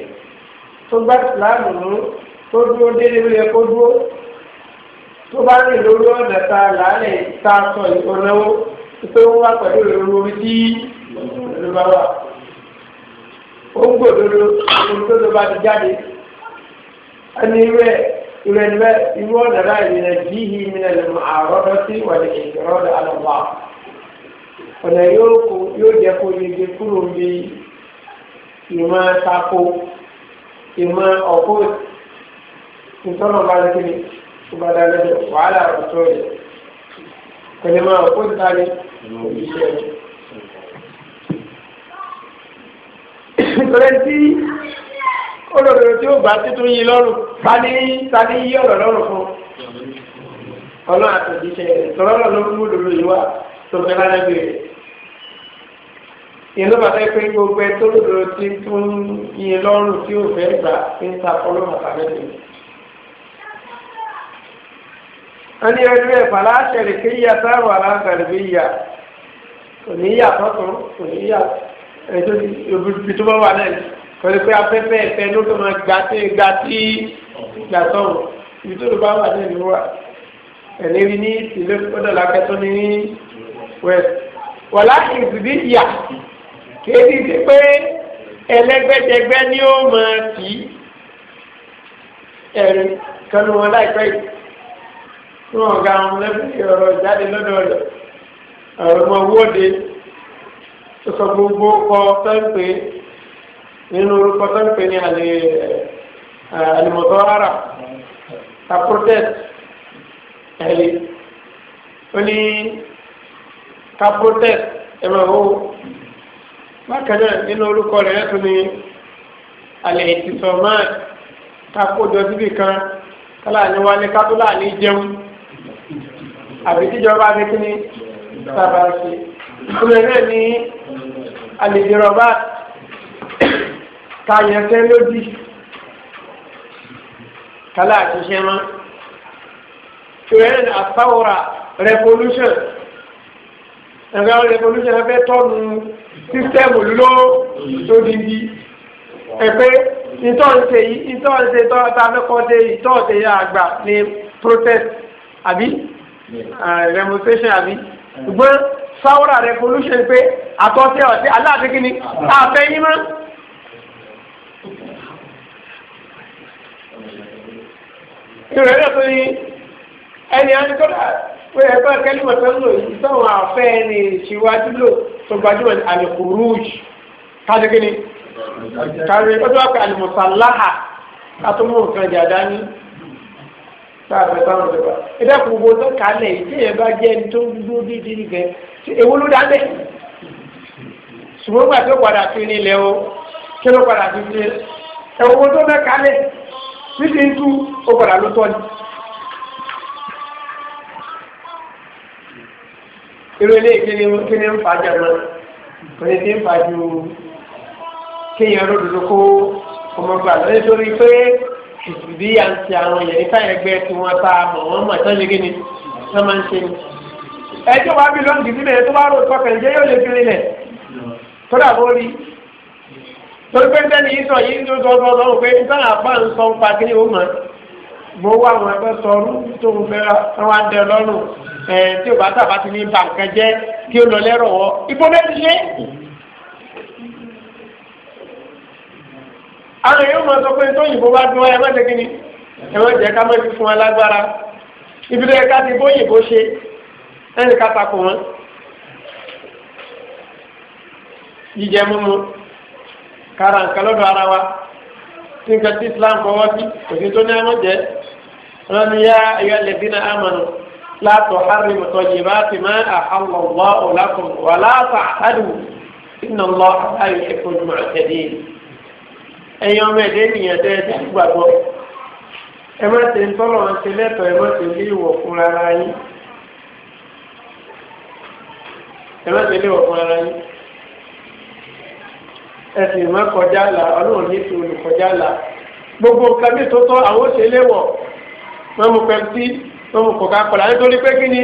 تبقى إسلامه تدعو دليل يقول tó bá rìn lórí ọ̀nà tá a lálẹ́ tá a sọ ìkọ̀nàwó pé ó wá pẹ̀lú ìròyìn orí tí ló bá wà. ó ń gbòdodo ohun tó ló bá ti jáde. ẹni rẹ̀ ìrẹ̀lẹ̀ irú ọ̀nà láì rẹ̀ bí i ìmìnà lè mọ àrọ́dọ́ sí ìwàlẹ̀ ìrọ̀lẹ̀ àlọ́wà ọ̀nà yóò jẹ́ kó yege kúrò bí ìmọ̀ tako ìmọ̀ ọ̀pọ̀ ìtọ́nà bá ń kiri ìbàdàn lẹ́dọ̀ wàhálà ọ̀tọ́ rẹ̀ pẹ̀lú ìmọ̀ ìtàlẹ̀ ìṣẹ́ olódodo tí ó gbà títún yín lọ́rùn tani tani yí ọ̀rọ̀ lọ́rùn fún ọlọ́run àtòjíṣẹ́ rẹ̀ tọ́lọ́rọ̀ ló mú òdodo yìí wá tó fẹ́ lára bí rẹ̀ ìlú bàtà pé gbogbo ẹ tó lòdò tí tó ń yin lọ́rùn tí ò fẹ́ gbà ń ta fọlọ́mù àtàlẹ́dẹ̀ wọ́n ní ẹni bẹ́ẹ̀ fàlà àṣẹrè kí yíya sáàrù aláǹgàlè bí yíya kò ní yíya tọ́tún kò ní yíya ẹjọ́ ibi tó bá wà náà pẹ̀lú pé afẹ́fẹ́ ẹ̀fẹ́ ló tó máa gbà tí gbà tí gbà sọ̀rọ̀ ibi tó ló bá wà ní ìlú wa ẹ̀lérí ní ìlú ọ̀dọ̀lá kẹtọ́ ní west wọ́n láti ìdílé ìyà kéde sí pé ẹlẹ́gbẹ́jẹgbẹ́ ni ó máa tì í ẹ̀rí kanu wọn láìpẹ́ yìí tí wọ́n ga àwọn lẹ́fẹ̀ẹ́ ọ̀rọ̀ ìjáde lọ́dọ̀ rẹ̀ ọ̀rọ̀ ọmọ wọ́de tó sọ gbogbo kọ́ sọ́ńpẹ́ nínú orúkọ tó ń pè ní àlè àlùmọ̀tọ́ ara kaprotest ẹ̀rí ó ní kaprotest ẹ̀rọ owó bákan náà nínú orúkọ rẹ̀ ẹ̀ ní àlè ìtìsọ̀mọ́ kakójọ síbì kan kálá ní wálé kátó láàní jẹun àbí tíjọba ní kíní sábà ṣe kúlẹ̀ náà ní àlè ìdìrọ̀bá káyẹn fẹ́ lódì kálá àṣìṣe mọ́ tùrẹ́n àtàwòrà revolution ẹ̀rọ revolution ẹ̀fẹ́ tọ́nu sísítẹ́ẹ̀mù ló lódì bí ẹ̀fẹ́ ìtọ́ǹsẹ̀ ìtọ́ǹsẹ̀ tọ́tàfẹ́kọ́dé ìtọ́ǹsẹ̀ àgbà ní protest àbí eh, demonstration àbí ṣùgbọ́n sáwọ́rà revolution pé àtọ́sẹ̀ ọ̀sẹ̀ aláàbí kìíní ah. àfẹ́yìn mọ́. ìrẹ̀ náà tó ní ẹni àníkọ́dà pé ẹ̀kọ́ kẹ́límọ̀ tó ń lò yìí sọ̀rọ̀ àfẹ́ ẹni ìṣíwájú lò tó gbajúmọ̀ ní alikuruj kájú kí ni kárí ó nǹkan jàdá ní ìjọba tó kálẹ̀ bá jẹ́ ẹni tó dídí nìkẹ́ ewu títí ń tú ó padà ló tọ́ ni. irú ilé kíni kíni ń fa jẹ́ náà kò ní ti ń fa ju kéèyàn lódodo kó ọmọ gbà lọ nítorí pé ìsìbí à àwọn yẹn nípa ẹgbẹ́ tí wọ́n ta mọ̀ wọ́n mọ̀ tán légé ni wọ́n máa ń ṣe ni. ẹjọ́ wa bí lọ́ọ̀dì sílẹ̀ tó bá rò sọ́kàn jẹ́ yóò lè fi rinlẹ̀ tó dà bó rí torí pé sẹ́ni yìí sọ yìí ń tó sọ sọ sọ pé sọ́nà àpá ń sọ ń pa kí ni ó mọ̀ mo wá àwọn ẹgbẹ́ sọrú tó ń fẹ́ wá ń dẹ lọ́rùn tí ò bá tàbá ti ní bàǹkà jẹ́ kí ó lọ lẹ́rọ̀ wọ́ ibo bẹ́ẹ̀ ti ṣe. àwọn èèyàn máa sọ pé tóyìnbó bá dún ẹ mọ́tẹ́ kí ni ẹ jẹ́ ká mọ́tẹ́ fún ẹ lágbára ibi tó yẹ ká ti bóyìnbó ṣe ẹnì ká takò wọn jíjẹ múmu kára nǹkan lọ́dọ̀ ara wa tí nǹkan tí islam fọwọ́ sí òsì tó ní ẹmọ jẹ ọlọ́ni yá ayọ́ lẹ́bínà amanu la tuharrimu tayyibati ma ahalla Allahu lakum wa la ta'tadu inna Allaha la yuhibbul mu'tadin ẹ̀yin ọmọ ẹ̀dẹ́ ènìyàn tẹ́ ẹ gbàgbọ́ ẹ má ṣe ń tọ́lọ̀ ń ṣe lẹ́tọ̀ọ́ ẹ má ṣe lé ìwọ̀ fún ara yín ẹ má ṣe lé fún ara yín ẹ̀sìn má kọjá là ọlọ́run ní ti olùkọjá là gbogbo nǹkan bí tó tọ́ àwọn òṣè lè wọ̀ wọ́n mú pẹ́ntì wọ́n mú kọ̀ọ̀ká kọ̀ọ̀lá nítorí pé kí ni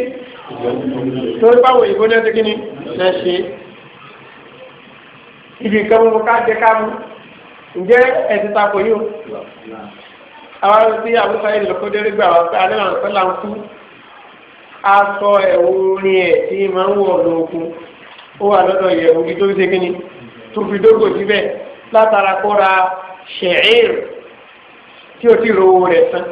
torí báwo ìbò náà ti kí ni náà ṣe ibi nǹkan mú ká jẹ ká mú ǹjẹ́ ẹ̀sìn ta kò yí o àwọn tí àwùjọ yìí lọ́kọ́ dérí gbà wá pé alẹ́ àwọn sọ́là ń kú aṣọ ẹ̀wù orin ẹ̀ tí máa ń wọ̀ lóògùn ó wà lọ́dọ̀ yẹ̀wù kí tó fi ṣe kí tòfidógò síbẹ̀ látara kóra ṣẹ̀ẹ́r tí o ti rówó rẹ̀ tán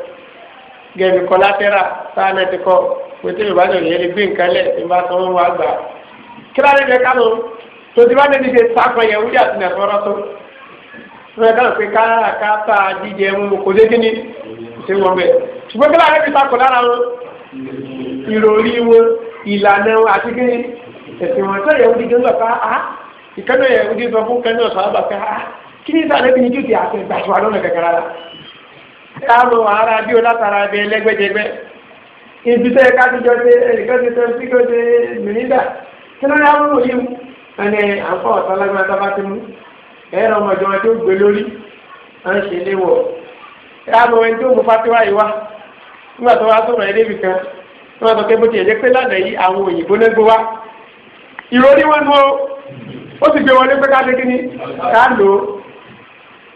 gẹ̀mí kọ́látẹ́rà sáánà ti kọ́ pété ìbájọ́ yẹn lè gbé nǹkan lẹ̀ tí n bá sanwó wa gbà. kíláàdé bẹ kánú tòtí bá débi ṣe sáfà yẹn wúdí àti nàfọ́rọ́ tó wọn kàn pé kára káta jíjẹ mú kò dé kíní ṣé wọn bẹ ṣùgbọ́n kíláàdé fi takò lára wọn ìròrí wọn ìlànà wọn àti kíní ẹ̀sìn wọn tó yẹ wúdí gbẹ́ngbà ká ìkànnì yẹn ojú sọ fún kẹ́ńtì ọ̀sán àgbà pé ah, kí ti àti ìgbàsọ àlọ́nà kẹ̀kẹ́ rárá káàró ara bí o látara ẹbẹ ẹlẹ́gbẹ́jẹgbẹ́ ibi tẹ́ ká ti ṣe ẹnìkan ti ṣe mìíràn kí ní àwòrán yìí mu ẹni àǹfọ̀ ọ̀sán lágbára tábà ti mú ẹ̀rọ ọmọdé wọn tó gbé lórí à ń ṣe léwọ̀ ẹni tó mú fatiwa yìí wá nígbà ó sì gbé wọlé pé ká ṣe kí ni ká lò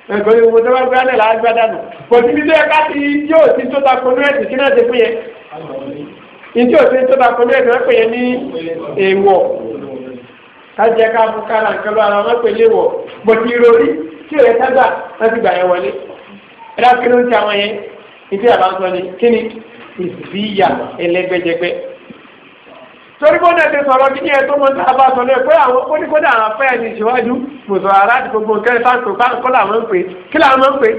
ó nǹkan ní gbogbo tó bá gbádùn là á gbádùn kò sí ibi tó yẹ ká ti tí ò sí tó ta konú ẹ̀sìn kí náà ṣe fún yẹn ìtí ò sí tó ta konú ẹ̀sìn wọ́n pè yẹn ní èèwọ̀ kájẹ ká fún kára nǹkan lọ ara wọn pè lé wọ̀ bó ti rori tí ò yẹ sábà wọ́n ti gbà yẹn wọlé ẹ̀dá kí ló ń ti àwọn yẹn ìtí àbá ń sọ ni kí ni ìsìyà ẹlẹ́gbẹ́jẹgbẹ́ torí bó náà ti sọ̀rọ̀ kí ní ẹ tó mọ tá a bá sọ lẹ́yìn pé àwọn oníkódà àwọn afẹ́ ni ìṣíwájú mùsùlùmí aráàlú gbogbo nǹkan sáńtò kọ́ làwọn ń pè kí làwọn máa ń pè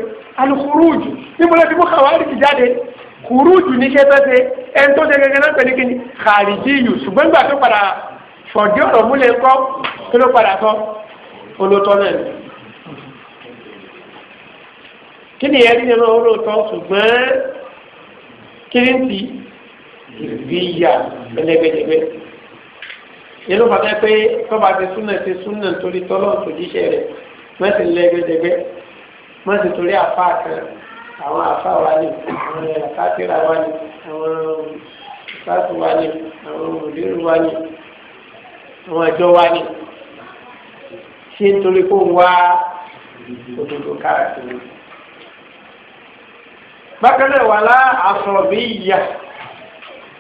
alukuruuju níbo ló ti mú kàwárí ti jáde kuruuju ní ṣe tẹ́sẹ̀ ẹni tó ṣe gẹ́gẹ́ náà pẹ̀lú kí ni kàríjì yù ṣùgbọ́n nígbà tó padà fọ̀dí ọ̀rọ̀ múlẹ̀ kọ́ kí ló padà sọ olótọ́ náà kí ni ẹni náà olótọ́ ṣùgbọ́n kí ni ti ìbíyà pẹlẹbẹlẹbẹ nínú fàtẹ́ pé tọ́ba ti súnà ti súnà torí tọ́lọ́ tòjíṣẹ́ rẹ̀ mọ́sí lẹ́gbẹ̀dẹ́gbẹ́ mọ́sí torí àfa kan àwọn àfa wa ni àwọn àfáàtìrà wa ni àwọn ìfáàtì wa ni àwọn òdìrú wa ni àwọn àjọ wa ni ṣé nítorí kó wá òdodo káàkiri. bákan náà wà lá àsọ̀rọ̀ bí ìyá.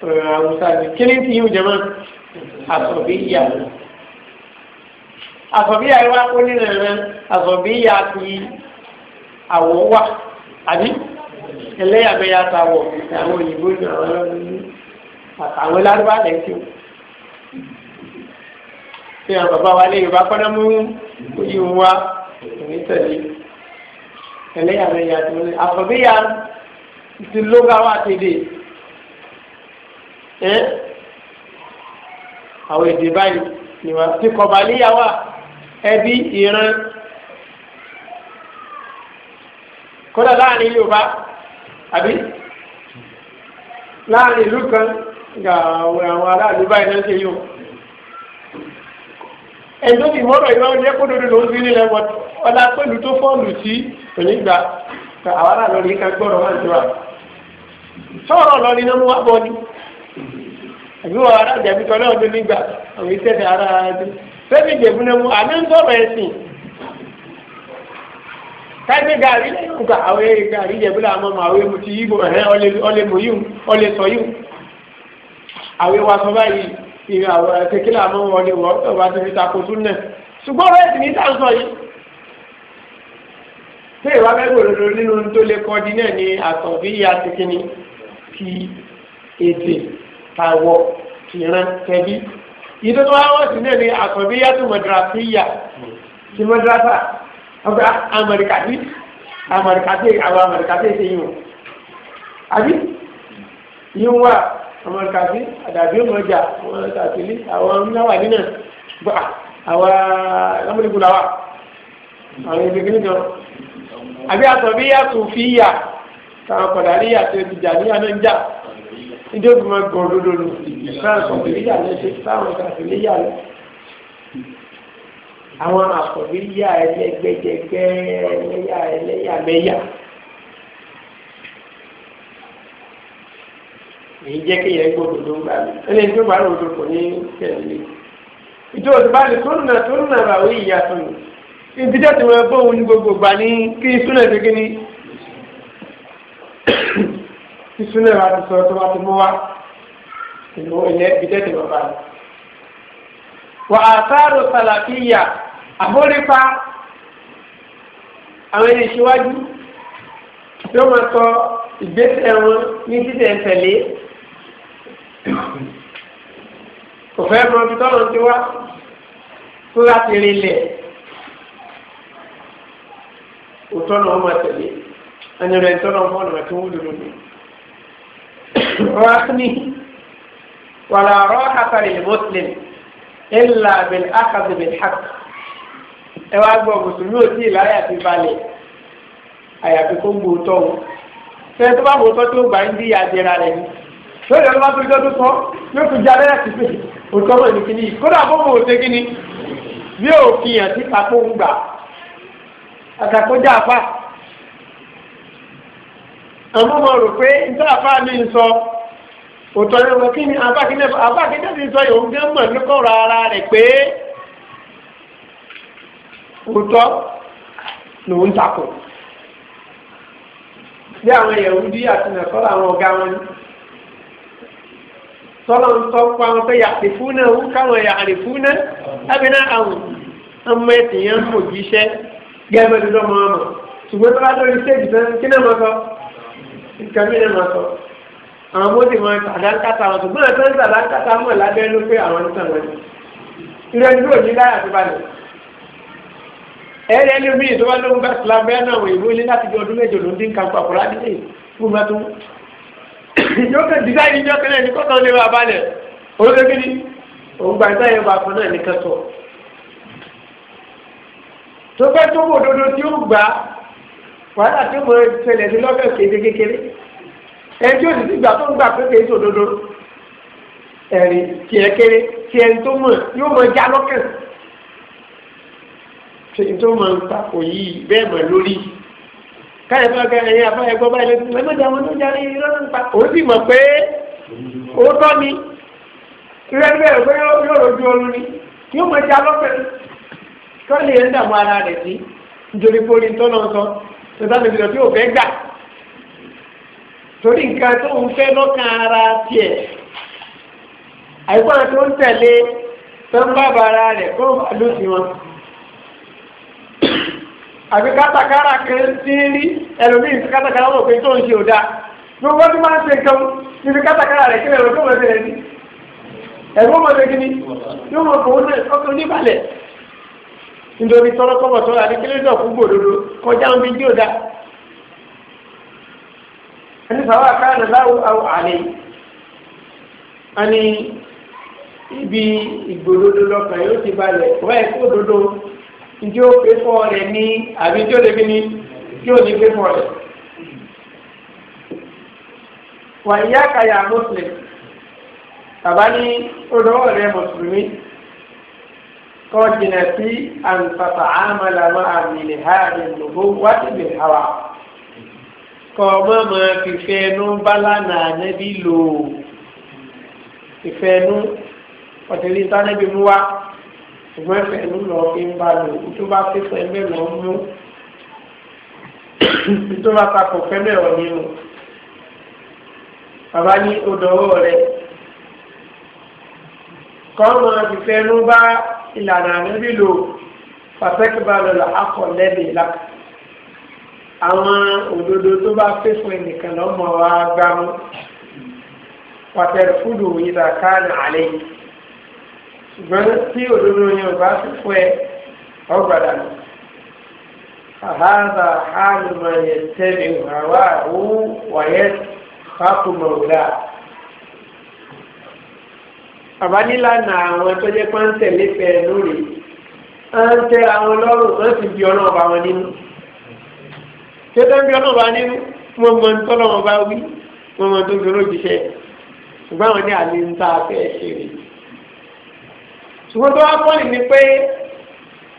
Hausa ni kí ni ti yín jẹ́ mọ́ àsọ̀bíyà àsọ̀bíyà yìí wá kó nínú ẹ̀rẹ́ àsọ̀bíyà ti àwọ̀ wà àbí ẹlẹ́yàmẹ̀yà tàwọ̀ àwọn òyìnbó ní àwọn àtàwọn lárúbá lẹ́kì ó fi hàn bàbá wa lé yorùbá kọ́nà mú oyún wa òní tẹ̀lé ẹlẹ́yàmẹ̀yà tó ní àsọ̀bíyà ti lóga wà tẹ̀lé. ẹ àwọn èdè báyìí ni ti kọba níyàwó ẹbí ìran kódà láàrin Yorùbá àbí láàrin ìlú kan ga àwọn àwọn báyìí náà ṣe yóò ẹjọ́ ti mọ́rọ̀ ìwà oúnjẹ kó dodo ló ń sí nílẹ̀ wọ́n ọlá pẹ̀lú tó fọ́ọ̀lù sí onígbà àwọn aráàlú rí ká gbọ́rọ̀ máa ń sọ̀rọ̀ lọ ni náà mú àbí wọn ará jẹ̀bi kan náà dún nígbà àwọn iṣẹ́ ti ara dún fẹ́mi jẹ̀bú náà mú àmì ń sọ̀rọ̀ ẹ̀sìn káyọ̀ gàrí nǹkà àwọn gàrí jẹ̀bú làwọn ọmọ àwọn èmu ti yíbo ẹ̀hẹ́ ọlẹ́ mọ̀ yíwù ọlẹ́ sọ yíwù àwọn wa sọ báyìí ìrìn àwọn kékeré làwọn ọmọ ọlẹ́ wọ ọba tó fi takò tún náà ṣùgbọ́n ọ̀rọ̀ ẹ̀sìn ní sàǹsọ̀ yìí ṣé ìwà mẹ́gbẹ̀ẹ́ òdodo nínú tó lè kọ́ di náà ní àtọ̀ bí ìyá ti kíni kí ètè tàwọ̀ tìran tẹ̀bí ìdó tó wá wọ́n sì náà ah, ní àkànbíyá tó mọ̀dúrásíyà ti mọ̀dúrásà ọgbà amẹ̀ríkàtì amẹ̀ríkàtì àwọn amẹ̀ríkàtì ṣe yìí wọ̀ àbí yìí wà amẹ̀ríkàtì àdàbí ọmọjà àwọn tàbílí àwọn náwà nínà gbà àwọn ọmọdébù làwà àwọn ìbíkí nìkan àbí àkànbíyá tó fi yà táwọn kọ̀dà rí àti ìjà níyà náà ń jà níjọ́ fi máa gbọ́ òdodo ní ìsáwọn kọ̀bìlíyà lẹ́sẹ̀ sáwọn kàfìlíyà lẹ́sẹ̀ àwọn àkọ̀bìlíyà ẹlẹ́gbẹ́jẹgbẹ́ ẹlẹ́yà ẹlẹ́yà mẹ́yà. èyí jẹ́ kéèyàn gbọ́ òdodo ń gbà mí ẹni tó bá lòdò kò ní kẹ̀lé ìjọ òdìbá ni tó nà tó nà bá wí ìyàtọ̀ nù ibi tẹ́tí wọn bóun ní gbogbo gbà ní kí súnà kí ni sísúnà wa ti sọ tó bá ti mú wa ìlú ilẹ̀ ìbílẹ̀ tó bá rẹ̀. wà á sáàrò sàlàfíyà àbórípa àwọn ẹni ìṣíwájú yóò máa sọ ìgbésẹ̀ wọn ní títẹ̀ ẹ̀sẹ̀lé kò fẹ́ mọ ibi tọ́lọ́ ti wá tó láti rí ilẹ̀ òtọ́ náà wọ́n máa tẹ̀lé ẹni rẹ̀ tọ́lọ́ fọ́ọ̀nù àti wọ́n رحمه ولا راحة للمسلم إلا بالأخذ بالحق ẹ wá gbọ́ mùsùlùmí ò tí ì láyà ti balẹ̀ àyàfi kó ń gbòótọ́ o fẹ́ẹ́ tó bá gbòótọ́ tó gbà ń díyà jẹra rẹ̀ ni lórí ọ̀rọ̀ bá tó tó sọ yóò tún jẹ́ abẹ́rẹ́ sí pé òótọ́ mọ̀ ní kíní kódà bó mọ̀ òótọ́ kíní bí òfin hàn síta kó ń gbà àtàkójà apá ẹ̀mú mọ̀ rò pé níta àfa mi ń sọ òtọ́ ẹ̀rọ kí ni abákíndé ti sọ yòówù gán mọ̀ ní kọ̀ọ̀rọ̀ ara rẹ̀ pé òtọ́ lòún takò bí àwọn yẹ̀wùdí àti nàkọ́lá àwọn ọ̀gá wọn ni tọ́lọ̀ ń sọ fún àwọn tó yàtì fún náà wú káwọn yàtì fún náà lábẹ́ náà àwọn ọmọ ẹ̀sìn yẹn ń mọ̀ jíṣẹ́ gẹ́gẹ́ bí lọ́mọ ọmọ ṣùgbọ́n tó bá lórí stéèjì tán kí náà mọ̀ sọ nǹkan mìíràn máa sọ àwọn mọ́tì máa ń tàdáńkátà wọn ṣùgbọ́n àti wọn tàdáńkátà mọ̀ lábẹ́ ló pé àwọn ń tàn wọn ni ìrẹ́ ní òní láyà tó balẹ̀ ẹ̀rẹ́ ní omi tó bá ló ń bá islam bẹ́ẹ̀ náà wọ̀ ìwé ní láti di ọdún mẹ́jọ ló ń dín kankan àkùrá nílé fún bá tún yóò kẹ́ dísáìnì yóò kẹ́lẹ́ ní kọ́kàn lè wà balẹ̀ olóògbé ni òun gba ìgbà yẹn wà fún náà ní kẹ́sọ̀ tó fẹ́ tó wò dodo wàhálà tí mo ṣẹlẹ̀ sí lọ́fẹ̀ kéde kékeré ẹni tí ó sì ti gbà tó ń gbà pé kéde òdodo ẹ̀rìn tiẹ̀ kéré tiẹ̀ ń tó mọ̀ yóò mọ̀ já lọ́kàn tiẹ̀ tó mọ̀ ń takò yìí bẹ́ẹ̀ mọ̀ lórí káyọ̀ fún akẹ́kẹ́ ẹ̀yìn afọ́ ẹ̀gbọ́ báyìí lọ́sí ẹ̀ mọ̀jà wọn tó jáde lọ́nà ń pa ó sì mọ̀ pé ó tọ́ ni ìrẹ́ bẹ́ẹ̀ pé yóò rojú oorun ni yóò mọ̀ já lọ́kàn kọ́lé ẹ̀ ń dààmú ara rẹ̀ sí nítorí pé tó náà sọ sọ̀tàn ìbílẹ̀ tí ò fẹ́ gbà torí nǹkan tó ń fẹ́ lọ́kàn ara tiẹ̀ àìpọ́n tó ń tẹ̀lé tó ń bàbà ara rẹ̀ kó ń lù sí wọn. àbí kátàkárà kan ti ń rí ẹlòmíì ní kátàkárà wọn pé tó ń ṣe ò dáa gbogbo tó máa ń ṣe nǹkan níbi kátàkárà rẹ̀ kí lè rò tó mọ̀ ẹ́ ẹ̀gbọ́n mọ̀ ẹ́ ni yóò mọ̀ fòun ọkùnrin níbalẹ̀ nítorí tọ́lọ́kọ́bọ̀ tọ́lọ́ àti kílódé ọ̀fún gbòdodo kọjá ń bí díò dá. ẹni sàwọn àkáàlù láwù àwọn àlè ẹni ibi ìgbòdodo lọkàn yóò ti balẹ̀ wọ́n ẹ̀ kó dodo njẹ́ ó pé fún ọ rẹ̀ ní àbí tí ó lè fi ní tí ò ní pé fún ọ rẹ̀. wà ìyá kàyà mùsùlùmí bàbá ní ó rẹ̀ mùsùlùmí kọ́jìnà sí àǹfààfà àmàlàmọ́ àmìlì hàbì lòbó wájìbì hàwà kọ́ mọ́mọ́ fìfẹ́ ẹnu bálánà ànábì lò fìfẹ́ ẹnu ọ̀tẹ̀lẹ̀ sánẹ́bí mú wá ṣùgbọ́n ẹ̀fẹ́ ẹnu lọ fi ń bá lò tó bá fífẹ́ ẹgbẹ́ lọ mú tó bá takò fẹ́mẹ́ ọ̀ nínú bàbá ní odò ọwọ́ rẹ̀ kọ́ mọ́ fìfẹ́ ìlànà ànábì lò pàtẹ́kìbá lọ́lọ́ akọ lẹ́bi ìlàkà àwọn òdodo tó bá fẹ́ fún ẹnìkan lọ́mọ wa gbá mú pàtẹ́rì fúdù ìdá káàdì àlẹ́ yìí ṣùgbọ́n tí òdodo yẹn ò bá fẹ́ fún ẹ ọgbàdà lọ. فهذا حال من يتبع هواه ويسخط مولاه bàbá nílànà àwọn tó jẹ́ pé ń tẹ̀lé fẹ́ẹ́ lórí ń tẹ́ra wọn lọ́rùn wọ́n sì bí ọlọ́run bá wọn nínú tó tẹ́ ń bí ọlọ́run bá nínú wọ́n mọ ní tọ́lọ́run bá wí wọ́n mọ tó fi lójúṣe ṣùgbọ́n àwọn ní àlè ń ta afẹ́ ṣe ṣùgbọ́n tó wá pọ́nì ni pé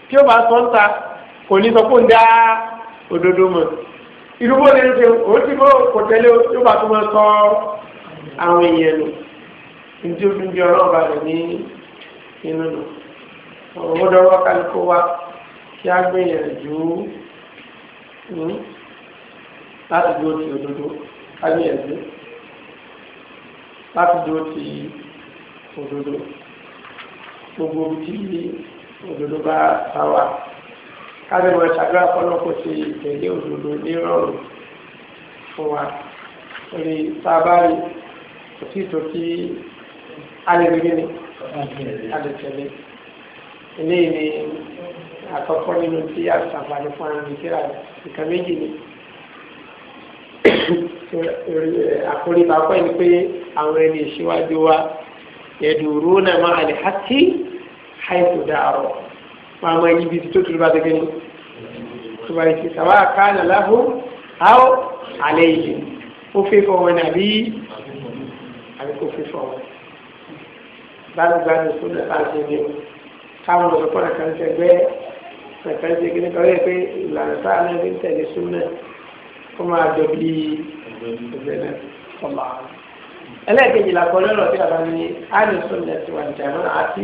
tí ó bá sọ ń ta kò ní sọ pé dá òdodo mọ̀ irúgbó ni ó ti kò tẹ́lẹ̀ ó bá tún mọ́ sọ àwọn èèyàn lò ntí o fi ń di ọlọ́run balẹ̀ ní inú nù owó dọ́wọ́ kálukú wa kí á gbìyànjú hmm, láti dúró ti òdodo ká gbìyànjú láti dúró ti òdodo gbogbo tí òdodo bá bá wà ká lè mọ ìṣàdúrà fọlọ́kọ̀ ti tẹ̀lé òdodo ní fún wa lórí tá a bá rí òtítọ́ tí alẹ́gbẹ̀gbẹ̀ ni alẹ́tẹ̀lẹ́ eléyìí ni àkọ́kọ́ nínú tí a ṣàǹfààní fún àwọn ìṣẹ́ra nǹkan méjì ni àkórí bàbá ẹni pé àwọn ẹni ìṣíwájú wa yẹ̀dùrú náà máa lè hàtí haifu dàrọ̀ máa máa yí bíi tó tùrú bá ti gẹ́ni tó bá ti sàwá kánà láhù áwọ̀ àlẹ́ yìí ó fẹ́ fọwọ́ nàbí àbíkó fẹ́ fọwọ́ gbanugbanu tó lè fàá ṣe ni o káwọn olùkọ́ nàkà ń tẹ̀gbẹ́ nàkà ń tẹ̀gbẹ́ nípa wíyẹ pé ìlànà tá a lẹ́nu ń tẹ̀lé súnmọ́ kó máa jọ bí ẹgbẹ́ náà ọmọ àwọn. ẹlẹ́ẹ̀kejì làkọ́ lọ́rọ̀ tí a bá ní alùsùn náà ti wà ní jàmọ́ àti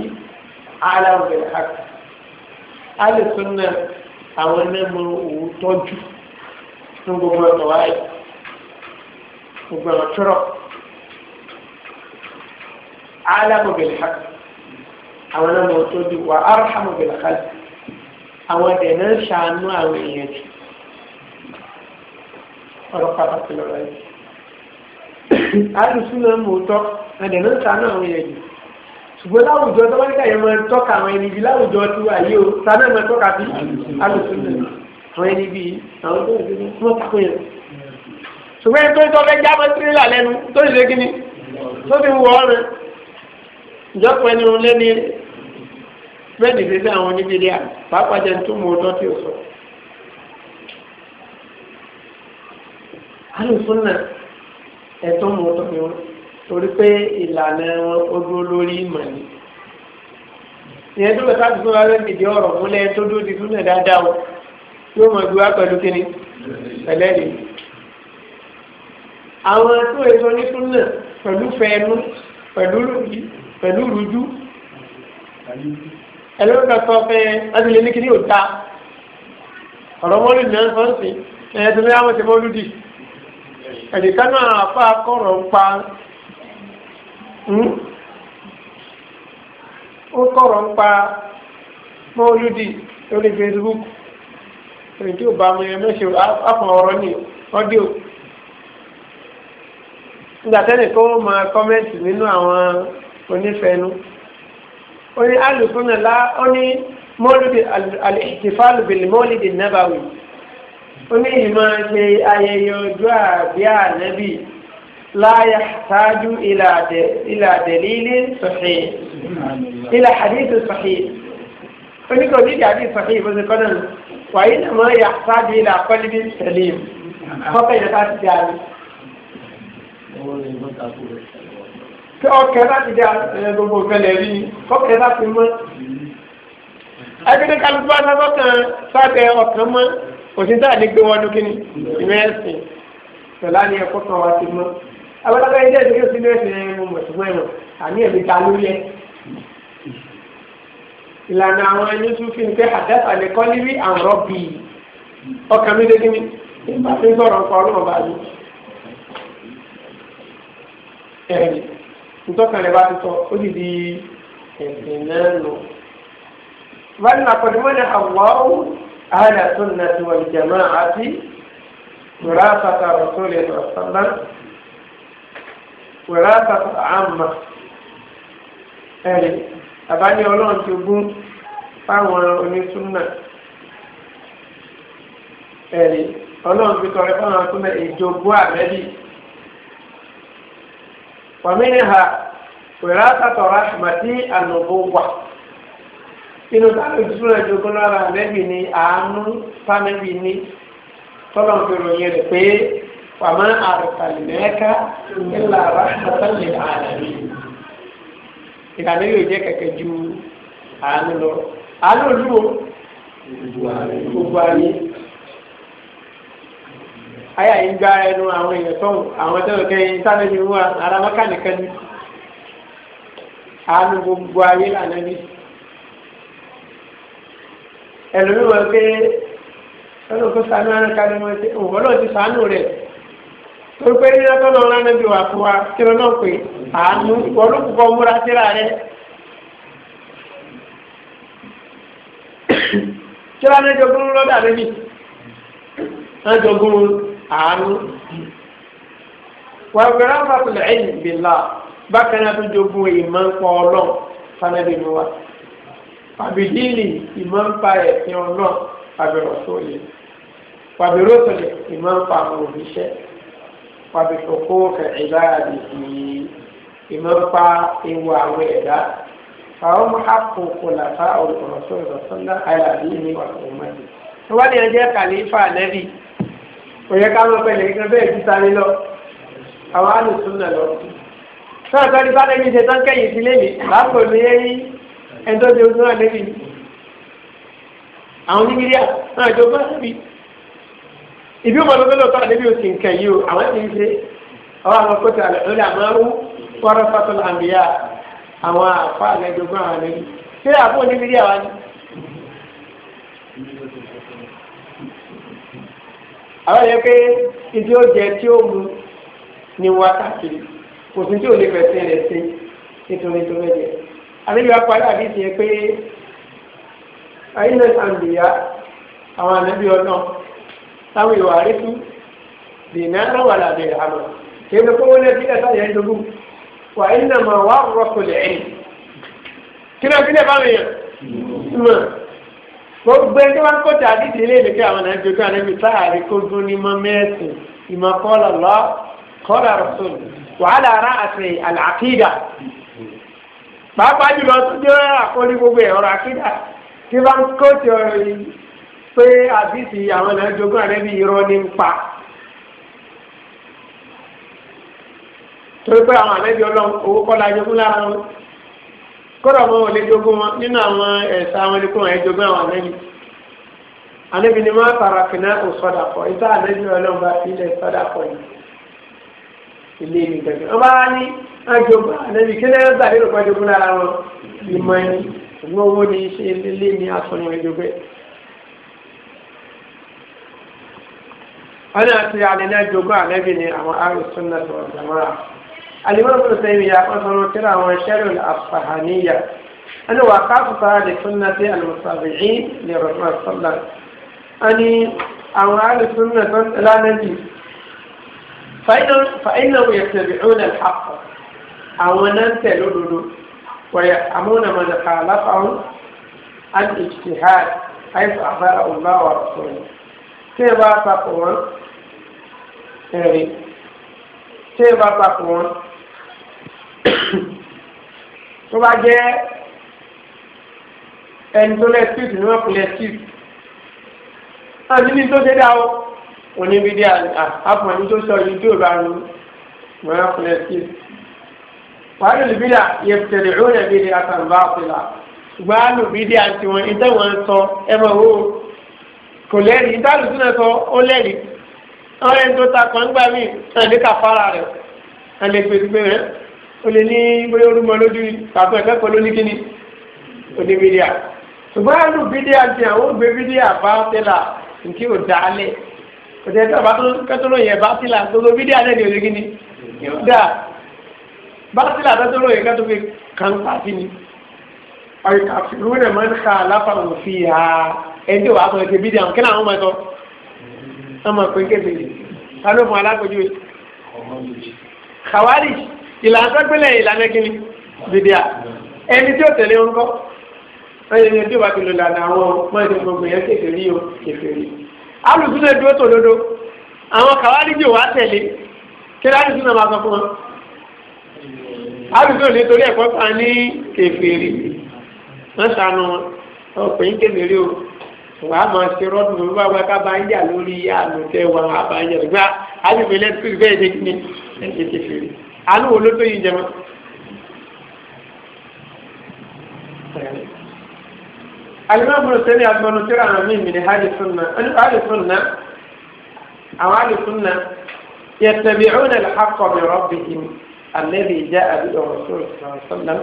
aláwùjọ àkà alùsùn náà àwọn ẹlẹ́mọ òun tọ́jú fún gbogbo ọ̀tọ̀ wáyé gbogbo ọ̀tọ̀rọ̀ alamu bil haq àwọn náà mọ̀ tó di wà arhamu bil khalq àwọn ẹ̀dẹ̀ náà ṣàánú àwọn èèyàn jù ọ̀rọ̀ pàtàkì lọ́rọ̀ yìí alùsùn náà mọ̀ tọ́ ẹ̀dẹ̀ náà ṣàánú àwọn èèyàn jù ṣùgbọ́n láwùjọ tó bá ní káyọ̀ máa tọ́ka àwọn ẹni bí láwùjọ tí wà yìí o sáná máa tọ́ka bí alùsùn àwọn ẹni bí àwọn tó ń gbé wọn tako yẹn ṣùgbọ́n ẹni tó ń tọ́ fẹ́ já mọ́ lẹ́nu tó ń ṣe kíni tó fi wọ ọ́ ìjọpọ̀ ẹni òun lẹ́ni bẹ́ẹ̀ nìgbè sí àwọn oníbìrì à pàápàá jẹ́ tó mú ọdọ́ tí ó sọ. alùpùpù náà ẹ̀tọ́ mú ọdọ́ ni wọ́n torí pé ìlànà wọn ó dúró lórí ìmọ̀ ni. ìyẹn tó bẹ̀ sáà tuntun wáyé fìdí ọ̀rọ̀ múlẹ̀ tó dúró di súnà dáadáa o yóò mọ̀ ju wá pẹ̀lú kíni pẹ̀lẹ́rì. àwọn tó èso ní súnà pẹ̀lú fẹ́ẹ́nu pẹ̀lú lòdì pẹ̀lú rújú ẹlẹ́wọ̀n kan sọ pé láti lè ní kí ní ò ta ọ̀rọ̀ mọ́lù ní ẹ̀ fọ́nsì ẹ̀yẹ tó ní àwọn ti mọ́lù dì ẹ̀dìkan náà apá akọ̀rọ̀ ń pa hm? ó kọ̀rọ̀ ń pa mọ́lù dì lórí Facebook ẹni tí ò bá mi ẹ mẹ́sẹ̀ àfọ̀n ọ̀rọ̀ ni ọ́díò nígbà tẹ́lẹ̀ kó máa kọ́mẹ́ǹtì nínú àwọn onífẹ̀ẹ́nu ó ní alùsùnà lá ó ní mọ́lùdì alìtìfàlù bìlì mọ́lùdì nàbàwì ó ní ìmọ̀ ṣe ayẹyẹ ọjọ́ àbí ànábì láyà ṣáájú ilà àdẹ̀lílé sọ̀hìn ilà àdìsí sọ̀hìn ó ní kò ní ìdí àdìsí sọ̀hìn wàyí nà yà ṣáájú ilà kọ́líbí sẹ̀lẹ̀ fọ́kẹ́ ìjọba ti ṣé ọkẹ láti dá gbogbo ìfẹlẹ rí ni ọkẹ láti mọ akéde kálukú bá sábà kan sábẹ ọkàn mọ òṣìṣẹ́ àdégbé wọn dún kínní ìwé ẹ̀sìn pẹ̀lú àní ẹ̀kọ́ kan wá sí mọ́ abẹ́lágbá ilé ẹ̀sìn yóò sínú ẹ̀sìn mo mọ̀ ṣùgbọ́n ẹ̀mọ̀ àní ẹ̀mí ta ló yẹ ìlànà àwọn ẹni tún fi ń pẹ́ àdáta lè kọ́ níbi àrọ́ bì í ọkàn mi dé kínní ìgbà tó ń sọ̀rọ̀ nǹkan ọlọ́mọba mi ntọ́kàn rẹ̀ bá ti sọ ó sì di ẹ̀sìn náà lọ. wọ́n ní àkọ́dúnmọ́ni àwòrán àhàlà tó nà tí wọ́n jẹ̀mọ́ àti wìrásàtà rọ̀tọ́lẹ̀ rọ̀sánná wìrásàtà àmà ẹ̀rì àbáni ọlọ́run ti gún fáwọn onísúnà ẹ̀rì ọlọ́run ti tọrẹ fáwọn onísúnà ìjọgbó àmẹ́bí fàmínìhà wìrátàtò rahmatí ànàbọ̀wà inú táwọn ìdúró ẹ̀dógún lára ànẹ́bì ni àánú sánẹ́bì ni tọ́lọ̀ ń fi ròyìn rẹ̀ pé wàmọ́ àrùkàlìmẹ́ẹ́ká ńlá rahmatí lè àlàyé ìlànà yóò jẹ́ kẹ̀kẹ́ ju àánú lọ àánú olúwo gbogbo Aya yìí gba ẹnu àwọn èèyàn tọ́hún àwọn tẹ́lẹ̀ kẹ́yìn sáré ni wọn ará mọ́kà nìkan àánú gbogbo ayé lànà ni ẹlòmíì wọn pé ọlọ́run tó sànú ẹran kalẹ̀ wọn ṣe òun ọlọ́run ti sànú rẹ̀ torí pé nínú ẹ̀kọ́ náà wà fún wa kí náà pé àánú múra síra rẹ̀ lọ́dà rẹ̀ àánú wà wẹ̀rẹ̀ àbàtúlẹ̀ ẹ̀yìn bìlá bákan náà tó jogún ìmọ̀ ń pọ̀ ọlọ́run fanabi ni wa àbìdílì ìmọ̀ ń pa ẹ̀sìn ọlọ́run àbẹ̀rọ̀ sóòlì wàbẹ̀rọ̀ sóòlì ìmọ̀ ń pa àwọn òbíṣẹ́ wàbẹ̀rọ̀ kó kẹ̀ẹ́dá àdìsí ìmọ̀ ń pa ewu àwọn ẹ̀dá àwọn muhakuku làfà ọ̀rọ̀ sọ̀rọ̀ sọ̀rọ̀ àyàbí ni wà ọ̀mọdé. wọ́n ní ẹjẹ́ kàlífà nẹ́bí òye ká lọ pẹ̀lẹ́ nǹkan bẹ́ẹ̀ ti sáré lọ àwọn alùsùn náà lọ. sọ́ọ̀ tó ní sáré mi ṣe tán kẹ́yìn sílé mi láàpọ̀ mi yé ní ẹni tó ṣe ojú náà débi mi. àwọn onímìíríà náà jọ bá síbi. ìbí ọmọ lọ́tọ́ àdébí òsì nǹkan yìí o àwọn ti ń ṣe àwọn àwọn kóòtù àlẹ́ lórí àmọ́rú wọ́n rẹ́ fàtọ́lá àmì àwọn àfa àlẹ́ jogún àwọn àlẹ́ yìí. àwọn yẹn pé o je tí ó mu ni wọn káàkiri kò sí tí ò lè fẹsẹ̀ rẹ̀ sí nítorí tó fẹ́ jẹ. àlejò apáyé àdìsí yẹn pé ayélujára àǹdìyà àwọn ànábì ọ̀nà táwọn ìwà àríkú dènà lọ́wọ́ àlàdé àmọ́ kí ẹni kó dogun wà ayélujára máa wà rọ́pò lẹ́yìn kí gbogbo ẹni wọn kó tà dídì ilé ìlú kí àwọn náà dojú ànábi sáàrí kó dún ní mọ mẹsìn ìmọ kọlà lọ kọlà rasul wàhálà ara àti àlàkídà pàápàá jùlọ tó dé àkórí gbogbo ẹ̀ ọ̀rọ̀ àkídà tí wọn kó tì ọ pé àdìsí àwọn náà dojú ànábi irọ́ ní pa. torí pé àwọn ànábi ọlọ́run owó kọ́lá jogún lára wọn kọ́dọ̀ àwọn ò lè jogún wọn nínú àwọn ẹ̀sà àwọn ẹni kó wọn jogún àwọn ànábì ànábì ni wọ́n fara kìnnà kò sọ́dà pọ̀ ìta ànábì ọlọ́run bá fi ilẹ̀ sọ́dà pọ̀ yìí ilé mi gbẹ̀gbẹ̀ wọ́n bá ní àjogún ànábì kí lẹ́yìn gbà nínú kan jogún lára wọn ìmọ̀ ẹni ṣùgbọ́n owó ni ṣe ilé ní asọ̀nù ẹ̀jọ̀gbẹ́. wọ́n ní àti àlẹ́ náà jogún ànábì ni àwọn àrùn sunnah wal jamaa الإمام ابن تيمية أخبر كنا هو شر الأصفهانية أنا وقفت على سنة المتابعين للرسول صلى الله عليه وسلم أني أوعى سنة لا نجي فإنهم يتبعون الحق أو ننتلون ويفهمون من خالفهم الاجتهاد حيث أخبر الله ورسوله كيف تقول؟ إيه. كيف تقول؟ tó bá jẹ́ ẹni tó lẹ́sìt ní wọ́n kò lẹ́sìt àti ní tó ṣe dá o oníbi dí àpò ẹni tó sọ yìí tó bá ń wọ́n kò lẹ́sìt. wàhálà olùbílà yẹ tẹ̀lé ó yẹ bí àtàǹbá àpìlà ṣùgbọ́n alùbídí àti wọn ìtẹ́ wọn sọ ẹmọ owó kò lẹ́rìí ìtẹ́ àlùsùn náà sọ ó lẹ́rìí àwọn tó ta kan gbà mí ẹni káfárà rẹ̀ ẹni pèsè pé rẹ̀ o lè ní bóyá orúmọ lójú pàtó ẹ̀kẹ́kọ̀ọ́ ló ní kíni òní bídíà ṣùgbọ́n àlù bídíà ti àwọn ògbé bídíà bá tẹ́lá nkí ò dá lẹ̀ kò tẹ́ tó kẹ́tọ́rọ̀ yẹn bá tẹ́lá gbogbo bídíà náà ní òní kíni yóò dá bá tẹ́lá kẹ́tọ́rọ̀ yẹn kẹ́tọ́ fi kàn pàtí ni ọ̀yìnkà fìrúwé rẹ̀ máa ń ka aláfàwọn fi ha ẹni wàá sọ ẹsẹ bídíà kí làwọn máa sọ ọmọ pé ìlànà tó gbélé ìlànà kìíní dìde à ẹni tí ó tẹ̀lé ń kọ́ ẹni ẹni tí ó bá ti lò lànà àwọn mọ́ẹ̀dì gbogbo yẹn kékeré o kékeré alùpùpù náà dúró tó lódó àwọn kàwáríjì wà tẹ̀lé kí alùpùpù náà máa sọ fún wọn alùpùpù náà nítorí ẹ̀kọ́ kan ní kékeré wọ́n sànù wọn ọkùnrin kékeré o wà á máa ṣe rọ́dùn mi wá wá bá ń yà lórí àlùtẹ̀ wà gbá alùpùpù náà àánú wo ló tó yìí jẹmọ́. alimami bolo sẹni agbọnu tí ra mi mi ni hali sunna ẹni hali sunna àwọn hali sunna yattabi'una al-haqqa bi rabbihim alladhi ja'a bihi rasul sallallahu alaihi wasallam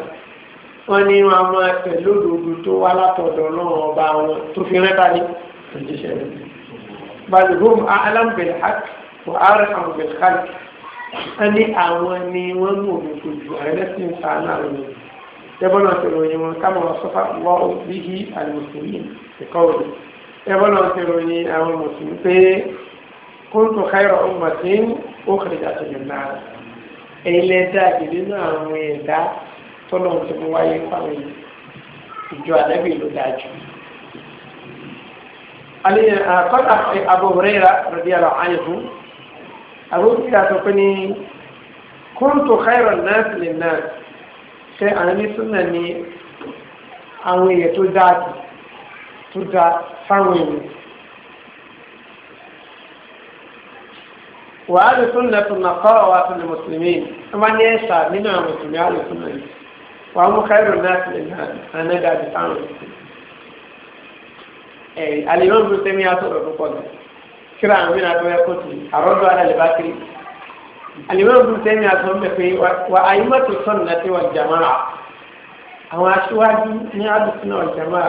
wọn ní wọn a máa tẹ̀lé òdodo tó wá látọ̀dọ̀ náà ọba wọn tó fi rẹ́ta ní ìjíṣẹ́ rẹ̀. balùwẹ̀ alámbẹ̀lẹ̀ hàk wà á rẹ̀ wọ́n ní àwọn ni wọ́n mú òun fojú àrẹ́lẹ́sìn sàánú àwọn ènìyàn ẹbọ́n náà tẹ̀rọ yìí wọn kámọ̀ sọ́fà lọ bí i àlùmùsùlùmí ẹ̀kọ́ òde ẹbọ́n náà tẹ̀rọ yìí àwọn mùsùlùmí pé kóńtò káyọ̀ ọmọ tí ó kẹ̀lẹ́jà tó yẹn náà ẹlẹ́dà ìdílé náà àwọn ẹ̀dá tọ́lọ̀ tó mú wáyé fáwọn ìjọ àdẹ́bí ló dájú. àlẹ́ àkọ́tà Abu Hurairah radiyallahu anhu àbókí ìdàtọ̀ pé ní kóńtò khairan náà sì lè náà ṣe àní súnà ní àwọn èèyàn tó dáa tó dáa fáwọn èèyàn. wà á lè súnà tó nà kọ́ ọ̀ wá súnà mùsùlùmí ẹ máa ní ẹ̀ṣà nínú àwọn mùsùlùmí á lè súnà yìí wà á mú khairan náà lè náà àná dáa di fáwọn èèyàn. ẹ̀ àlè náà ń bú sẹ́mi á púpọ̀ náà kíra àwọn mìíràn tó yẹ kó tì àrọ́dọ̀ alálẹ́bákiri alimami bùn sẹ́yìn àti wọn bẹ̀fẹ̀ wà àyímọ̀ tó sọ̀nù náà ti wà jàmáà àwọn aṣíwájú ní àdùsùn náà jàmáà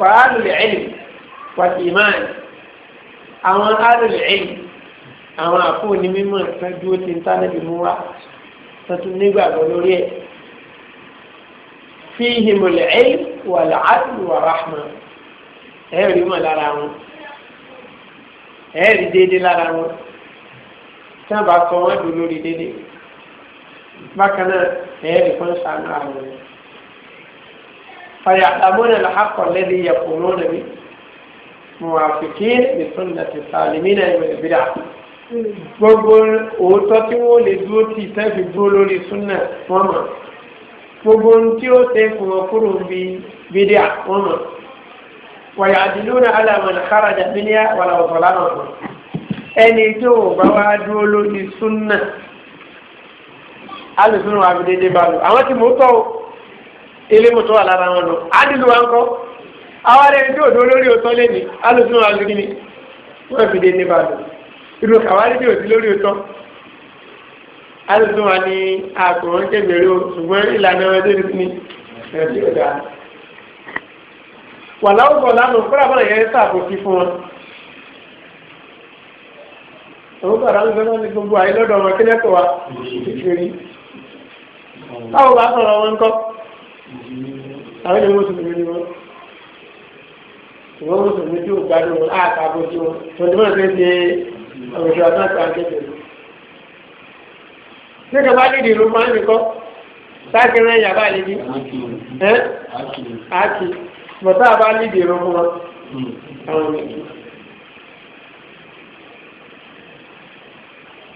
wà á lulẹ̀ ẹ̀lì wà ìmáàlì àwọn á lulẹ̀ ẹ̀lì àwọn àfọwọ́ni mímọ́ ẹ̀fẹ́ dúró ti ń tánà bí mú wa tuntun nígbàgbọ́ lórí ẹ̀ fíhìmùlẹ̀ ẹ̀lì wà làásù wà ráhùn ẹ̀rí mọ̀ lára wọn ẹ̀ẹ́dì déédéé lára wọn tí wọ́n bá sọ wọ́n dùn lórí déédéé bákan náà ẹ̀ẹ́dì kan ṣàánú àwọn ẹ̀ fàyà àmúnà làákọ̀ lẹ́dí yẹ̀kùn lónìí mi muwafikin ní sunnati salimina ìwé ìbíra gbogbo òótọ́ tí wọ́n lè dúró tì sẹ́fì dúró lórí súnà wọ́n mọ̀ gbogbo tí ó ṣe fún ọkùnrin bíi bídíà wọ́n mọ̀ wàyàdìlúnà alàmọ̀nà kárajà bíníà wàlàwọ̀tọ̀ lánàá ẹni tí ò bá wá dúró lórí súnà alùsùnà wà fi dédé bá lò àwọn tí mò ń tọ́ ilé mọ̀tọ́ wà lára wọn lò ádìlú wa ń kọ́ àwọn ẹni tí ò dúró lórí òtọ́ lẹ́ni alùsùnà wà fi fi dédé bá lò irú kàwárí tí ò sí lórí òtọ́ alùsùnà wà ní àkùrọ̀ ń kébèrè o ṣùgbọ́n ìlànà ẹgbẹ́ ní ẹgbẹ́ ọ̀dà. wà láwùjọ lánàá kúrò àbọ̀nà yẹn sàbòsí fún wọn. àwọn gbàdá ń gbẹ́nà ní gbogbo àyè lọ́dọ̀ wọn wa kékeré. táwọn bá sọ̀rọ̀ wọn kọ́ àwọn ni wọn. ìwọ tí ò gbádùn wọn wọn. tòun ti ṣe àwùjọ nídìí ló máa ń sáà bọ̀tá bá níbi ìrún fún wọn.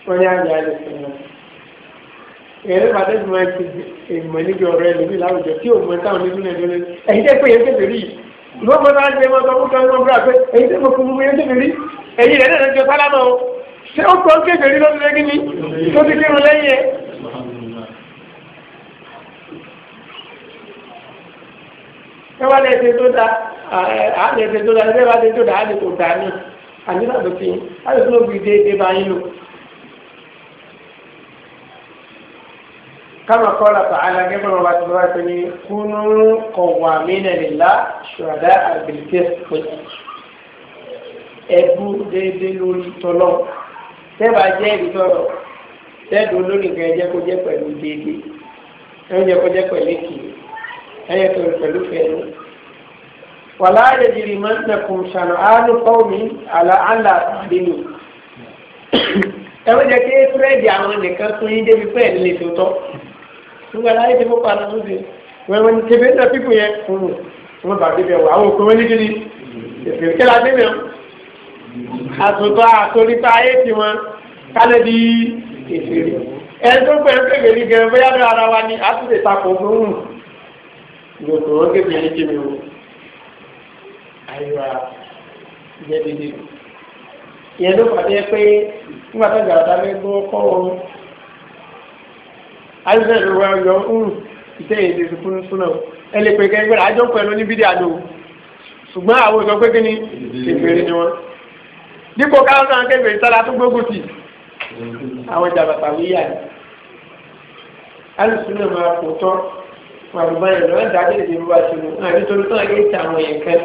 wọ́n ní àjẹ́ àjẹ́ fún wọn. Èrè bàtà ti máa ti èèmọ̀ níbi ọ̀rọ̀ ẹlòmíì láwùjọ tí òun mọ̀ táwọn nínú ẹ̀dọ́ lé. Ẹ̀yin tẹ́ pé yẹn tẹ̀lé rí. Ìwọ́n mọ̀ náà ṣe mọ́tò ọkùnrin kan gbọ́dọ̀ pé ẹ̀yin tẹ́ mọ̀ fún mi yẹn tẹ̀lé rí. Ẹ̀yin rẹ̀ náà lọ́jọ́ sálámà Ṣé ó kọ́ kékeré lọ́dún lẹ́gí ni? Tó ti kírun lẹ́yìn ẹ̀. ẹ wá lẹ́sẹ̀ tó da àlẹ́sẹ̀ tó da ẹ wá lẹ́sẹ̀ tó da àlẹ́ tó da ní àdínà tó ti àlẹ́ tó fi dé dé bá yín lò. kama kọ́lá tààlà gẹ́gẹ́ bá ti wá pé ní kúnú kọ̀wá mínàlélá ṣùgbọ́n àgbèlè ẹbú déédéé lórí tọ́lọ́ tẹ́bà jẹ́ ìtọ́rọ̀ tẹ́dùn lórí nǹkan ẹ̀jẹ̀ kó jẹ́ pẹ̀lú déédéé ẹ̀jẹ̀ kó ẹyẹ tó pẹ̀lú fẹ́ẹ́nu. wàlá àdèjìrì máa ń nàkùn sànù àánú fọ́ọ̀mù àlà àlà àdínú. ẹ wọ́n jẹ́ kí fúrẹ́dì àwọn nìkan tún yín débi pé ẹ̀ lè tó tọ́. nígbà láyé ti fọ́pọ̀ àná lóde wọ́n wọ́n ti fi ń lọ pípù yẹn fún un. wọ́n bàbá bíbẹ̀ wọ àwọn òkú wọn ní kíni ìfìrìkẹ́ la bíbẹ̀ àtúntọ́ àtòrípa ayé tiwọn kálẹ̀dì ìfìrì ẹ̀ẹ́dọ́gbẹ̀rún pẹ̀lú gẹ̀rẹ́ bóyá lọ́wọ́ ara wa ni àtúntẹ̀ takò fún un lóko wọn kébìí ní kíni o àyíwá ìyẹn dídí ìyẹn ló pàdé pé nígbà tó gbàgbà tá a fẹ́ gbọ́ kọ́ ọ alẹ́ ló wá yọ ń ìtẹ́ èdè tuntun súná ẹ lè pè kẹ́kẹ́ àjọ pẹ̀lú níbi díà lò ṣùgbọ́n àwọn ìsọ pé kíni kékeré ni wọn dípò káwọn náà kékeré sára tó gbógun tì àwọn jàbàtà wíyà alùsùn náà máa kò tọ́ wọn àbúrò yẹn lọ́wọ́ ìdájọ́ ìdè ìlú àti ìlú náà nítorí tó ẹgbẹ́ ìta àwọn èèyàn kan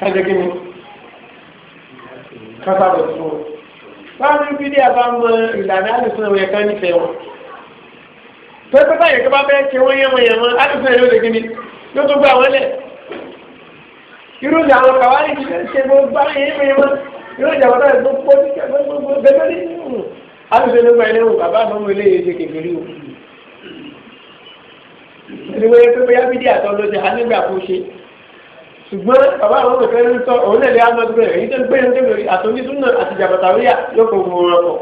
kájọ kí ni kápá bẹ̀ fún wọn. báwo ni bídí àbá mọ ìlànà àlùfẹ́ àwọn èèyàn kan nífẹ̀ẹ́ wọn. pé pé báyìí kí bá bẹ́ẹ̀ ṣe wọ́n yẹ́wọ̀n yẹ̀wọ̀n àlùfẹ́ yóò lè kí ni yóò tó gbà wọ́n lẹ̀. irú ni àwọn kàwárí ti ṣe gbogbo àwọn yẹ̀wọ̀n yẹ̀wọ̀n irú ìjà wọn náà gbogbo gbogbo gbogbo ìdíwé pé bóyá bídíà tó ló ṣe ànígbà kó ṣe ṣùgbọ́n bàbá àwọn olùfẹ́ ń tọ́ òun lè lè amadu rẹ̀ èyí tó ń gbé ní tẹ́lẹ̀ àtúndísúnà àti ìjàbàtà ríà yóò kó wọn wọn pọ̀.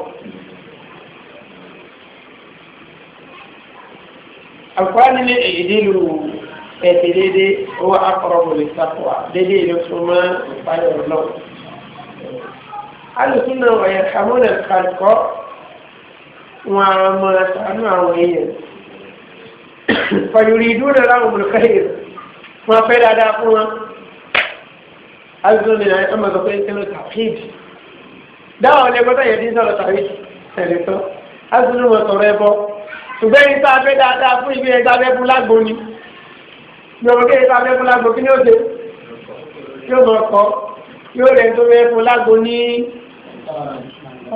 àǹfààní ní èdè lu ẹ̀sẹ̀ dédé ó akọ̀rọ̀bù lè sàkóà dédé ló súnmọ́ ìpayọ̀ lọ. alùsùnà ọ̀yẹ̀ kàmúnà kàlùkọ́ wọn a máa sànú àwọn èèyàn fàyòrìdúnà láwọn olùkẹ́yìn wọn fẹ́ dáadáa fún wọn azọ́nà ẹ̀ma sọ pé ẹ̀rọ tàfíìdì dáwọn ọ̀lẹ́ gbọ́dọ̀ yẹn ti ń sọ̀rọ̀ tàfíìdì tẹ̀lé tán azọ́nà wọn sọ̀rọ̀ ẹbọ ṣùgbọ́n ẹni tá a fẹ́ dáadáa fún ibi ẹni tá a fẹ́ fún lágbo ni ní ọmọ kéde tá a fẹ́ fún lágbo kí ni ó yóò mọ̀ tó fẹ́ fún lágbo ní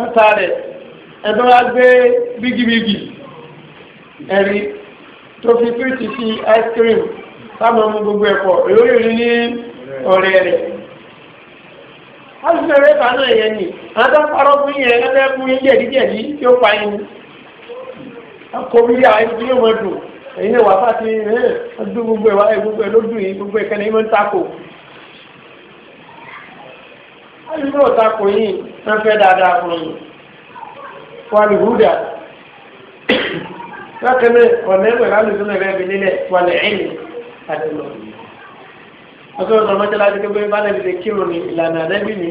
ọ̀tá rẹ̀ ẹ̀tọ́ wa gbé bígibígi ẹ̀rí tó fi túwìtì sí ice cream táwọn ọmọ gbogbo ẹ̀kọ́ lórí òní ní ọ̀rẹ́ rẹ̀. alùpùpù rẹ̀ fàánù ẹ̀yẹ ni adáparọ́ fún yẹn lọ́lẹ́ fún yín jẹ̀díjẹ̀dí tí ó pa yín. akọ̀wé àwọn ibi yóò mọ̀ dùn èyí ni wàá fàtí ọdún gbogbo ẹ̀ wáyé gbogbo ẹ̀ ló dùn yín gbogbo ẹ̀ kẹ́ni ẹ̀ máa ń takò. alùpùpù ọ̀tá kò yín wọ́n fẹ́ dáadáa fún yín. wàá lù lákẹ́lẹ́ ọ̀nà ẹgbẹ̀rún alùsùn rẹ̀ bí nílẹ̀ wàlẹ̀ ẹ̀yìn àti lọ. ọ̀sọ̀rọ̀ sọ̀rọ̀ mọ́tẹ́lá ti gbé bálẹ̀ ti kírun ní ìlànà àdẹ́bí ni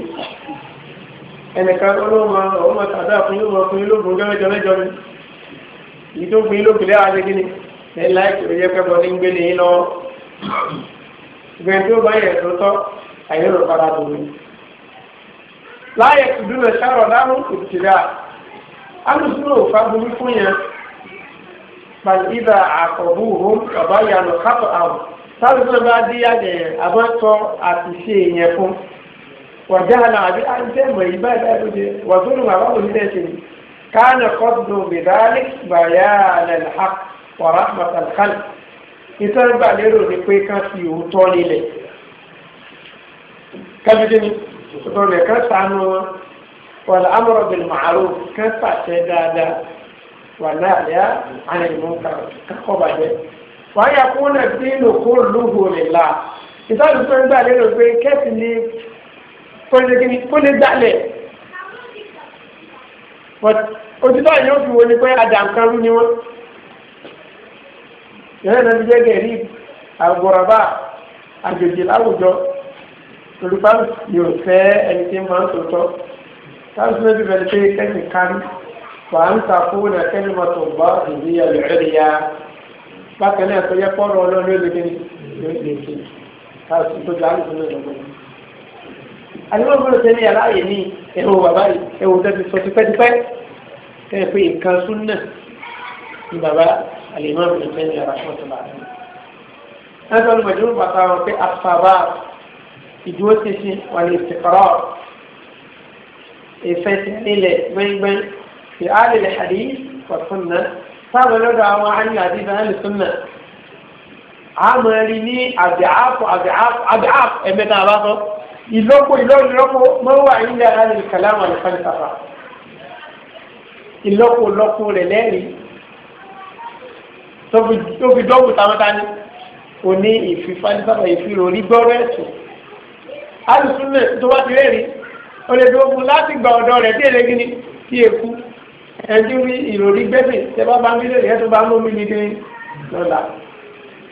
ẹnìkan ọlọ́mọ ọmọ tàdá fún yóò mọ fún ilógun jọ́mẹ́jọ mẹ́jọ ni èyí tó fún ilógun lẹ́wà ṣe kí ni ẹ láìpẹ́ òye pẹ́pọ̀ ní gbé ní lọ. ìgbẹ́ni tó bá yẹ tó tọ́ àyẹ̀rò padà fàlìbà àkọ̀bù òhún ọ̀bá ìyanu kápọ̀ àwọn sábà tó bá dé yàgẹ̀ àbọ̀tọ̀ àtìṣe yẹn fún wàjá àlà àbí àǹtẹ̀ mọ̀ ìbá ìbá ìbúdé wàtúrù màbá ònílẹ̀ ṣe ni káàna kọ́dù bìdálì bàyà àlàlá wàrà màtàlkàlì ìtàn gbà lérò ni pé ká fi òótọ́ nílẹ̀ kábídé ni ọ̀tọ̀ rẹ̀ ká sànú wọn wàlà amọ̀rọ̀ bìlì màálù ká pàṣẹ dáadáa wàláàlá àyẹ̀mọ́ká kakọ́ bàjẹ́. wàá kó lè fi lòkó lóhùn nìlá ìtọ́jú tó ń gbà lérò pé kẹ́sì ni kó lè gbàlẹ̀ òtítọ́ yìí ó fi wo ni pé àjàǹkanrú ni wọ́n yẹ́nà náà ti jẹ́ gẹ̀rí àgbọ̀ràbà àjòjì láwùjọ olùkọ́ yóò fẹ́ ẹni tí máa ń tòótọ́ táwọn sọ́dọ̀ bẹ̀rẹ̀ pé kẹ́sì فأن تكون كلمة الله هي العليا bákan náà tó yẹ kọ́rọ̀ ọlọ́run lóde ní lóde káàsì tó dáa lóde lóde lọ́gbọ́n. àyẹ̀wò gbọ́dọ̀ tẹ́lẹ̀ yàrá yìí ní ẹ̀rọ bàbá yìí ẹ̀rọ tẹ́lẹ̀ sọ tipẹ́tipẹ́ ẹ̀ pé nǹkan súnà ní bàbá àlèmọ́ gbọ́dọ̀ tẹ́lẹ̀ yàrá fún ọ̀tọ̀ bàbá yìí. náà tó ń bẹ̀rẹ̀ ló bàtà wọn pé àfàbà ìdúró ṣinṣin wà ní ìfẹ̀kọ́rọ̀ ìfẹsẹ̀ nílẹ̀ gbẹ́ngbẹ́ng fi alìlẹ̀ hadith wàtúnnà sáwọn lọ́dọ̀ àwọn àyìn àti ìfẹ́ àlùsùnnà àmọ́ rí ní àbíàpọ̀ àbíàpọ̀ àbíàpọ̀ ẹ̀mẹ́ta àbátọ́ ìlọ́pọ̀ ìlọ́pọ̀ ìlọ́pọ̀ mọ́wà ilẹ̀ alìlẹ̀ kàlámù àlùfáàlùfáà ìlọ́pọ̀ ìlọ́pọ̀ rẹ̀ lẹ́rìí tó fi dọ́gbù táwọn tání o ní ìfifánífàfà ìfirò orí gbọ́rọ̀ ẹ̀sùn alùsùnnà tó wá ti rẹ́rìí o lè dọ́gbù láti gbà ọ̀dọ́ rẹ̀ dé ẹtí rí ìròrí gbẹ́sẹ̀ tẹ bá bá mílíọ̀nù yẹn tó bá mú mi nígbẹ́ lọ́la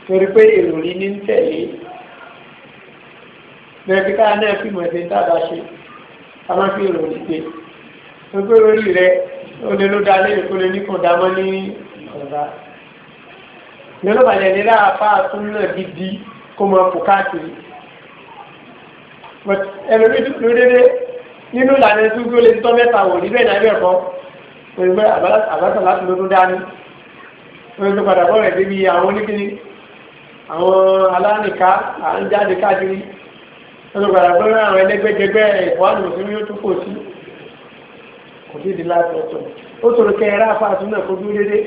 torí pé ìròrí ní ń tẹ̀lé lẹ́ẹ̀kí káyà náà fi mọ̀ ẹ̀sẹ̀ tá a bá ṣe a máa fi ìròrí gbé gbogbo ìròrí rẹ ó lè ló dalé èkó lè ní kàn dámọ́ ní ọ̀la lọ́nà balẹ̀ ní láàpá tó ń náà gidi kó máa fò káàkiri ẹlòmídìí lórí nínú ìlànà tó gbé lè tọ́ mẹ́ta wò níbẹ̀ náà bẹ̀ kọ́ òyìnbó àbátà láti lọ́dún dání wọ́n tó padà bọ́ọ̀rẹ̀ débi àwọn oníkíní àwọn alánìká à ń jáde káàkiri wọ́n tó padà bọ́ọ̀rẹ̀ àwọn ẹlẹ́gbẹ́jẹgbẹ́ ìwádìí mùsùlùmí ó tún kò sí kò sí di láti ọ̀tọ̀ ó tòrò kẹ́ ẹ̀rá fàásùn náà kó dúró dédé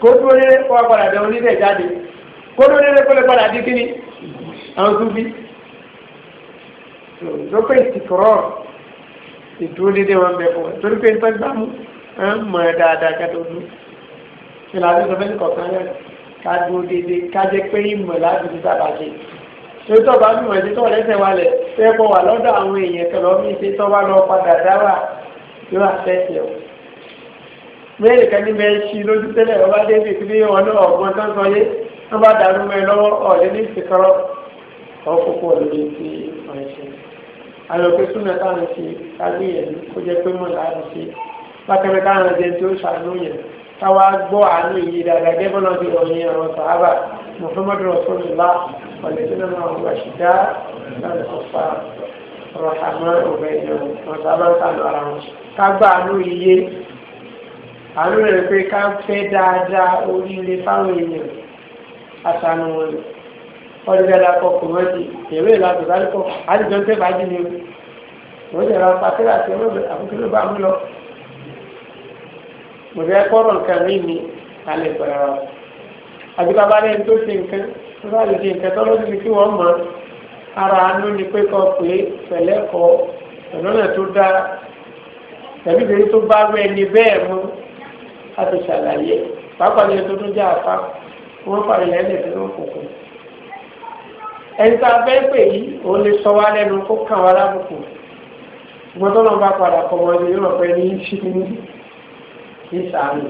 kó dúró dédé kó wá padà bẹ onílẹ̀ jáde kó dúró dédé kó lè padà di kíní àwọn tó bí lópẹ́ ìtìkọ̀rọ̀ ìdúró dédé wọn bẹ̀ fún wọn torí pé ń tọ́jú ẹ ń mọ̀ ẹ́ dáadáa kẹ́tọ́ dún ìlànà ìsọfẹ́sì kọ̀ọ̀kan rẹ̀ ká dúró déédéé ká jẹ́ pé ìmọ̀ láti fi sábà ṣe ṣé tó bá dùn ẹ̀jẹ̀ tó lẹ́sẹ̀ wa lẹ̀ fẹ́ kọ́ wà lọ́dọ̀ àwọn èèyàn tó lọ mí ṣe tó bá lọ padà dáwà yóò àfẹ́sẹ̀ o mẹ́rin kan ní bẹ́ẹ̀ ṣí lójú tẹ́lẹ̀ ọba david ní ọ̀nà ọ̀gbọ́n tó ń sọ yé wọ́n bá dànù mẹ́ lọ́wọ́ ọ̀lẹ́ ní ìfikọ́rọ́ ọ̀kọ́kọ́ lórí ti ọ̀ṣẹ́ àyọ̀pẹ́ súnmẹ́ta ń ṣe kágbéyẹ̀dú kó jẹ́ pé mọ̀ láàrín ṣe bákẹ́rẹ́ káwọn ẹ̀jẹ̀ tó ṣàánú yẹn káwa gbọ́ àánú yìí dáadáa gẹ́gẹ́ bọ́lá ti rọ̀yìn àwọn sàhábà muhammadu rasulullah ọ̀lẹ́sìnà náà wà ṣìdá lọ́dọ̀ ọ̀fà rọ̀hàmọ́ ọ̀bẹ ìyọ̀wò ọ̀sà bá ń sàlọ̀ ara wọn ká gbọ́ àánú yìí àánú rẹ̀ pé ká fẹ́ dáadáa oríire fáwọn èèyàn àtànù wọn ọdún dáadáa kọ kò mọ́tì èrè ìlànà ìbálòpọ̀ bá mú lọ mo fẹ́ kọ́rọ̀ nǹkan mí ni alẹ́ pẹ̀lú ara àti bàbá rẹ̀ tó ṣe nǹkan tó bá lè ṣe nǹkan tó lọ́dún ní kí wọ́n mọ̀ ara àánú ni pé kọ́ pé pẹ̀lẹ́kọ̀ ìrọ́nà tó dára tàbí ìbéèrè tó bá rẹ̀ ni bẹ́ẹ̀ mú láti ṣàlàyé pàápàá ní ẹtọ́ tó jẹ́ àpá wọ́n parí lẹ́yìn ìpínlẹ̀ òkùnkùn. ẹni tá a fẹ́ pè yìí òun lè sọ wá lẹ́nu kó kàn wá lábùkù ṣùgbọ́n tó padà kọ́ wọn ni yóò rọ̀ pé ní ṣíkì kì í sàánù.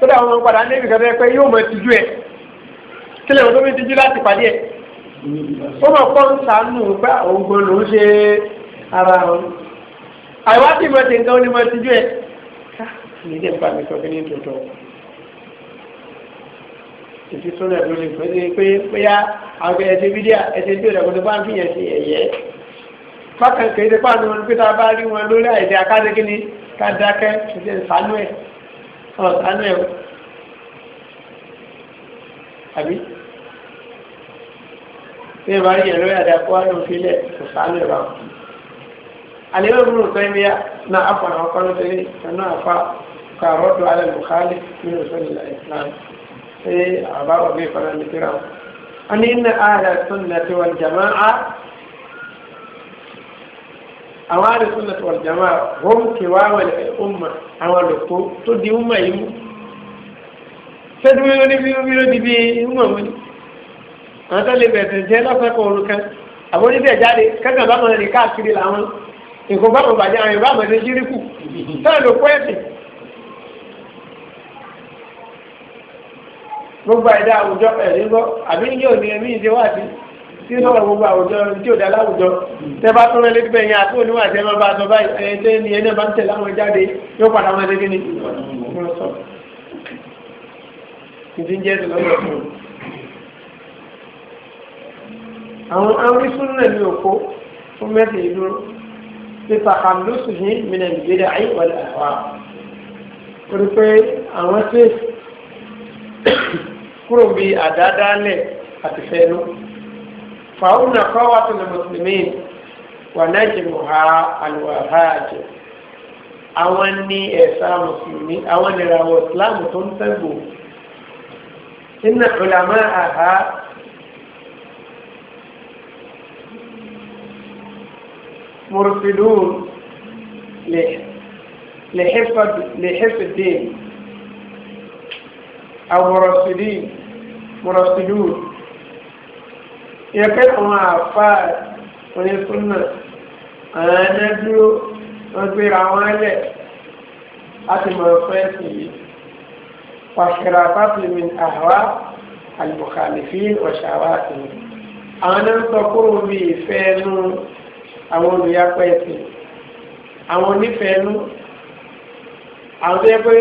kódà àwọn ọmọ padà níbi kan pé yóò mọ ìtìjú ẹ kí lè wọn tó fi tijú láti pàdé ẹ ó mọ pọ́ ń sàánù pé òun gan ló ń ṣe ara wọn àìwá sì mọ ti nǹkan ó ní mọ ìtìjú ẹ ká ní ilé ìpa mi sọ kí ní tòótọ́ títí tó lẹ̀ lórí pé pé pé yá àwọn ẹ̀ṣẹ̀ fídíà ẹ̀ṣẹ̀ fídíà ẹ̀ṣẹ̀ fídíà ẹ̀ṣẹ̀ fídíà bákan kèéde pàánù wọn pé tá rí wọn lórí àìdè akáde kí ni ká dákẹ́ ṣe sànú ẹ̀ ọ̀ sànú ẹ̀ o àbí bí ẹ bá rí yẹn lórí àìdè akọ́wájú òfìlẹ̀ kò sànú ẹ̀ báwọn. àlẹ́ yóò múlò sẹ́yìn bíyà náà afọ àwọn ọkọ ló tẹ̀lé ẹnu àfa kọ àrọ́dọ̀ alẹ́ bùkálẹ̀ nínú ìfẹ́lẹ̀ Islam ṣé àbá ọ̀gbìn ìfọ̀nà nìkírà wọn. wọ́n ní àwọn àdìsún wal jamaa wọ́n kì wá wẹ̀lẹ̀ ọmọ àwọn àlòkó tó di ọmọ yìí mú. sẹ́dúró ló ní bí ó di bí ọmọ wọn ni àwọn tó lè bẹ̀rẹ̀ jẹ́ lọ́sẹ̀kọ̀ òrukàn àbójútẹ̀ jáde kẹ́kẹ́ bá wọn rìn káàkiri làwọn nǹkan bá wọn bàjẹ́ àwọn ìbámu ẹni jíríkù táwọn lò kó ẹ̀sìn. gbogbo ẹ̀dá àwùjọ ẹ̀rí gbọ́ àbí yóò ní ẹ̀mí ìdíwájú tí ó sọ̀rọ̀ gbogbo àwùjọ tí ò dá láwùjọ tẹ́ bá tún rẹ́lẹ́ bẹ́ẹ̀ yẹn àti oníwà tẹ́ máa bá a sọ báyìí ẹ̀ ṣé ni ẹ̀ náà bá ń tẹ̀lé àwọn jáde yóò padà wọn ṣẹ́gi ni. ìdí ń jẹ́ ẹ̀sìn lọ́dọ̀ fún un. àwọn awísùn náà ní òkó fún mẹ́sì ìlú pípa kàmlùsù yìí mìíràn ìgbéra ayé wọlé àwa. ó rí pé àwọn ṣe kúrò bíi àdáadáa lẹ̀ àti fẹ́ẹ́ lọ. فهن قوة المسلمين ونجمها الوهاج àwọn ní ẹ̀sà mùsùlùmí àwọn ìràwọ̀ ìsìláàmù tó ń tẹ́gbò nínú ìlànà àhá mùrùsìlùm lèhẹ́fẹ̀dé àwòrọ̀sìlùm mùrùsìlùm yẹ pé àwọn àfáà onísúnà àwọn ẹnẹ́dúró wọ́n gbéra wọn lẹ̀ láti mọ fẹ́ẹ̀sì yìí wàṣẹ̀rà fáfilmi àwa àlùkàlìfì ọ̀ṣàwà tìǹbù àwọn náà ń sọ kúrò bí ìfẹ́ ẹnu àwọn olùyapẹ́ ẹ̀sìn àwọn onífẹ́ ẹnu àwọn yẹ pé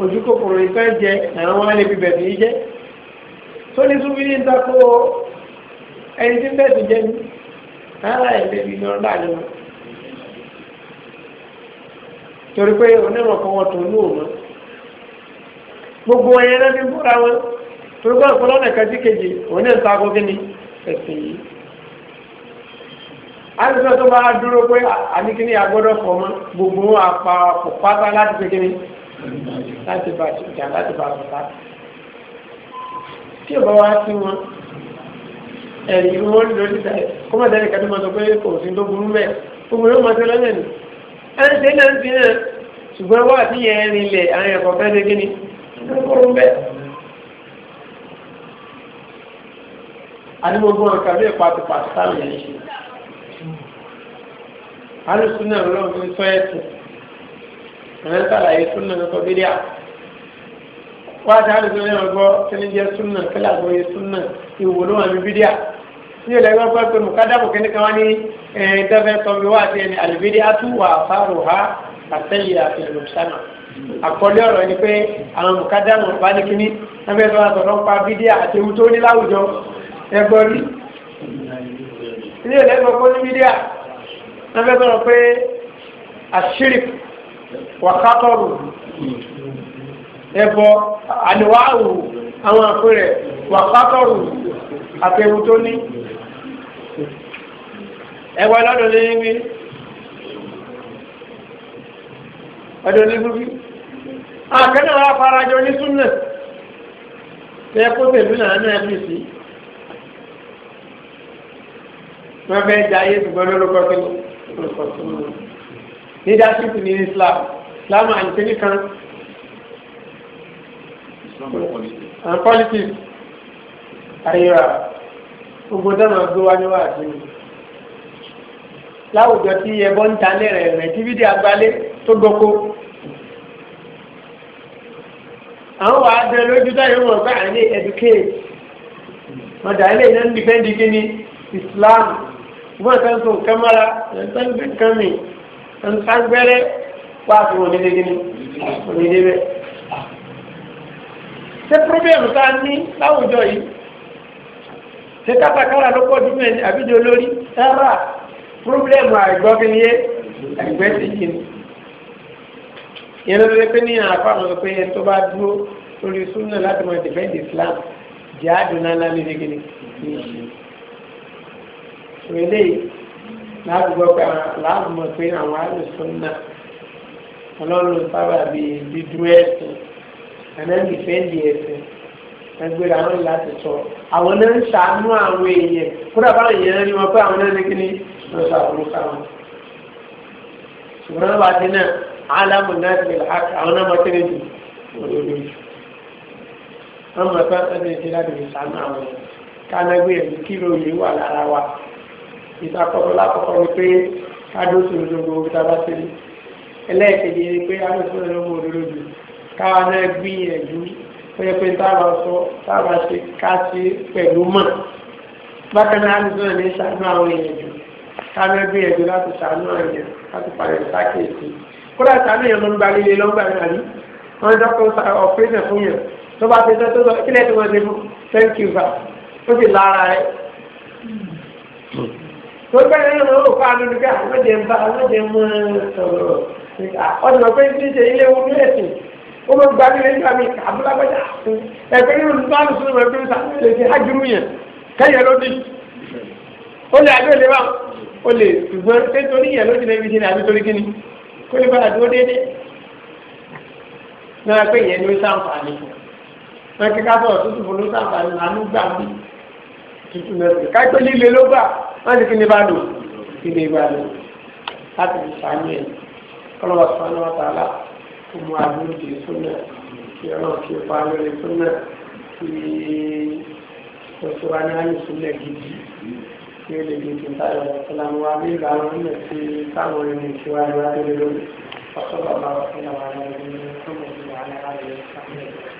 ojú kòkòrò ìfẹ́ jẹ àwọn wọn lè fi bẹ̀rẹ̀ tó ní súnmí ní ìtakò ẹni tí fẹ́ẹ̀ tó jẹ́ mi ara ìbẹ̀bí ni ọ̀rọ̀ láàyè wọn. torí pé kan wọ́n tó gbogbo náà búra wọn torí pé ọ̀pọ̀lọpọ̀ kejì òun ẹ̀sìn yìí. tó bá dúró pé àníkíní agbọ́dọ̀ ẹ̀yìn ìlú wọn lò níta ẹ̀ kó má dẹ́rẹ́ kàdé máa sọ pé kò sí tó burú mẹ́ gbogbo yóò máa ṣe lọ́nà ni ẹ̀ ń ṣe náà ń ṣe náà ṣùgbọ́n wá àti yẹn rinlẹ̀ àwọn ẹ̀kọ́ fẹ́ ṣe kíni kúrú mẹ́. àdìgbògbò ọ̀kà ló pàtó pàtó táwọn yẹn ṣe alùsùn náà lọ́wọ́ fi sọ ẹ̀sìn ẹ̀rẹ́ sàlàyé súnà lọ́kọ̀ bí díà wá àti alùsùn náà gbọ́ kí ni jẹ́ súnà kí làgbọ́ yẹ súnà ìwòlówà mi bí díà ní ilẹ̀ ìwé pẹ́ pé mùkádàbù kìíní kan wá ní dẹ́fẹ́ tọ́bi wá àti ẹni àlùbídí atú wà fáàrù ha àtẹ́yẹ àti ìlùsánà. àkọlé ọ̀rọ̀ ni pé àwọn mùkádàbù bá ní kíní ẹgbẹ́ tó wà sọ̀rọ̀ ń pa bídíà àti ewu tó ní láwùjọ ẹgbọ́n rí. ní ilẹ̀ ìwé pẹ́ ní bídíà ẹgbẹ́ sọ̀rọ̀ pé àṣírí wàkátọ̀rù ẹbọ àníwáàrù àwọn àpẹẹrẹ wàkátọ̀rù àtẹwu tó ní ẹwà lọ́dọ̀ lé wí ọdọ̀ lé wí àkẹ́nà wa farajọ ní súnà tẹ kó pẹ̀lú náà náà bí sí wọn fẹ́ jẹ ayé ṣùgbọ́n lórúkọ tó lórúkọ tó lórúkọ leadership ní Islam Islam àti nìkan and politics ayiwa gbogbo dáná gbé wá níwájú mi láwùjọ tí ẹbọ ń ta lẹ́rẹ̀ rẹ̀ tí fídíò agbálẹ̀ tó gboko. àwọn wàá dẹ lójú táyọ̀ wọn bá àní educate wọn dà ilé iná ń dìpẹ́ndì ni Islam wọn kàn sùn kámẹ́rà ẹ̀ńtàn kankan mi ẹ̀ńtàn gbẹ́rẹ́ wàá fún wọn nílé kí ni wọn nílé bẹ́ẹ̀. ṣé problem tá a ní láwùjọ yìí ṣé kátàkárà ló pọ̀ jù mẹ́rin àbíjọ lórí ẹ̀rọ pírọ́blẹ́mù àìgbọ́kínníyé ẹgbẹ́ ti kí ni. ìyẹn ló lè pé ní àfàmù pé ẹni tó bá dúró lórí súnmọ́ láti mọ ìdìbẹ́ǹdì Islam jihadu nana ní gbẹgbẹ ní ìṣòro eléyìí láti gbọ́ pé láti mọ̀ pé àwọn àlùsùnà ọlọ́run sábà bí dídú ẹ̀sìn ẹ̀nẹ́dìfẹ́ǹdì ẹ̀sìn ẹgbẹ́rẹ́ àwọn láti sọ àwọn náà ń ṣàánú àwọn èèyàn kódà báwọn èèyàn ní wọn pé àwọn náà ní kíní ló ṣàbùrú sáwọn. ṣùgbọ́n bá ti náà alamu náà ti lè hàkì àwọn náà máa kéré jù òdodo jù. wọ́n mọ̀ pé ẹni ìṣe láti fi sànú àwọn yẹn kánágbé ẹ̀mí kíló yìí wà lára wa. ìtakọ̀tọ̀ lákọ̀ọ́kọ́ ni pé kádó sòrò lóko omi tá bá ṣe ẹlẹ́ẹ̀kejì ni pé kádó sòrò lóko òdodo jù káwa náà gbìyànjú pé pé táwa sọ táwa ṣe ká ṣe pẹ̀lú mọ̀ bákan náà alùpùpù náà ní káná gbé ẹjọ́ láti ṣàánú ẹ̀yẹ láti pàrọ̀ ìsákèèsì kódà ṣàánú yẹn ló ń gba líle lọ́gbà náà ní wọ́n dọ́kọ̀ ọ̀pẹ́sẹ̀ fún yẹn tó bá ti sọ tó sọ kílẹ̀ tí wọ́n ti fún thank you sir ó sì lára ẹ̀ tó bẹ́ẹ̀ ní ọ̀rọ̀ òkú àdúgbò àmọ́jẹ ń bá àmọ́jẹ mọ́ ọ̀rọ̀ ah, ọdún ọ̀pẹ́ ti ṣe ilé wọn lẹ́sìn ó mọ̀ gba ní ẹ̀ka mi àbúlágbájá ẹ̀pẹ́ ní olùdáàlù sínú ẹ̀pẹ́ sàmúlẹ̀ ṣe ájúmù yẹn kẹ́yẹ ló dì ó lè ó lè ṣùgbọ́n ṣé torí yẹn ló ti lẹ́bi ṣe ni àbí torí kíni kó lè bára dúró déédéé náà pé ìyẹn ló ṣàǹfààní fún wọn kí káfọ́ òtútù fún ló ṣàǹfààní àánú gbà bí tútù mẹ́sì kápẹ́ líle ló gbà wọ́n ti kíni bá lò kíni bá lò láti fi ṣàánú ẹ̀ kọ́lọ́wọ́ sọ́nà wọ́n tààlà kó mu àbúrò kì í náà kí ọlọ́run kí ó pa lórí sún náà kí oṣù wa ní àyè sún náà gidi. tí ó lè gbèsè táyọ̀ ìsìlámù wa bí ìgbà wọn nílẹ̀ tí táwọn ènìyàn ti o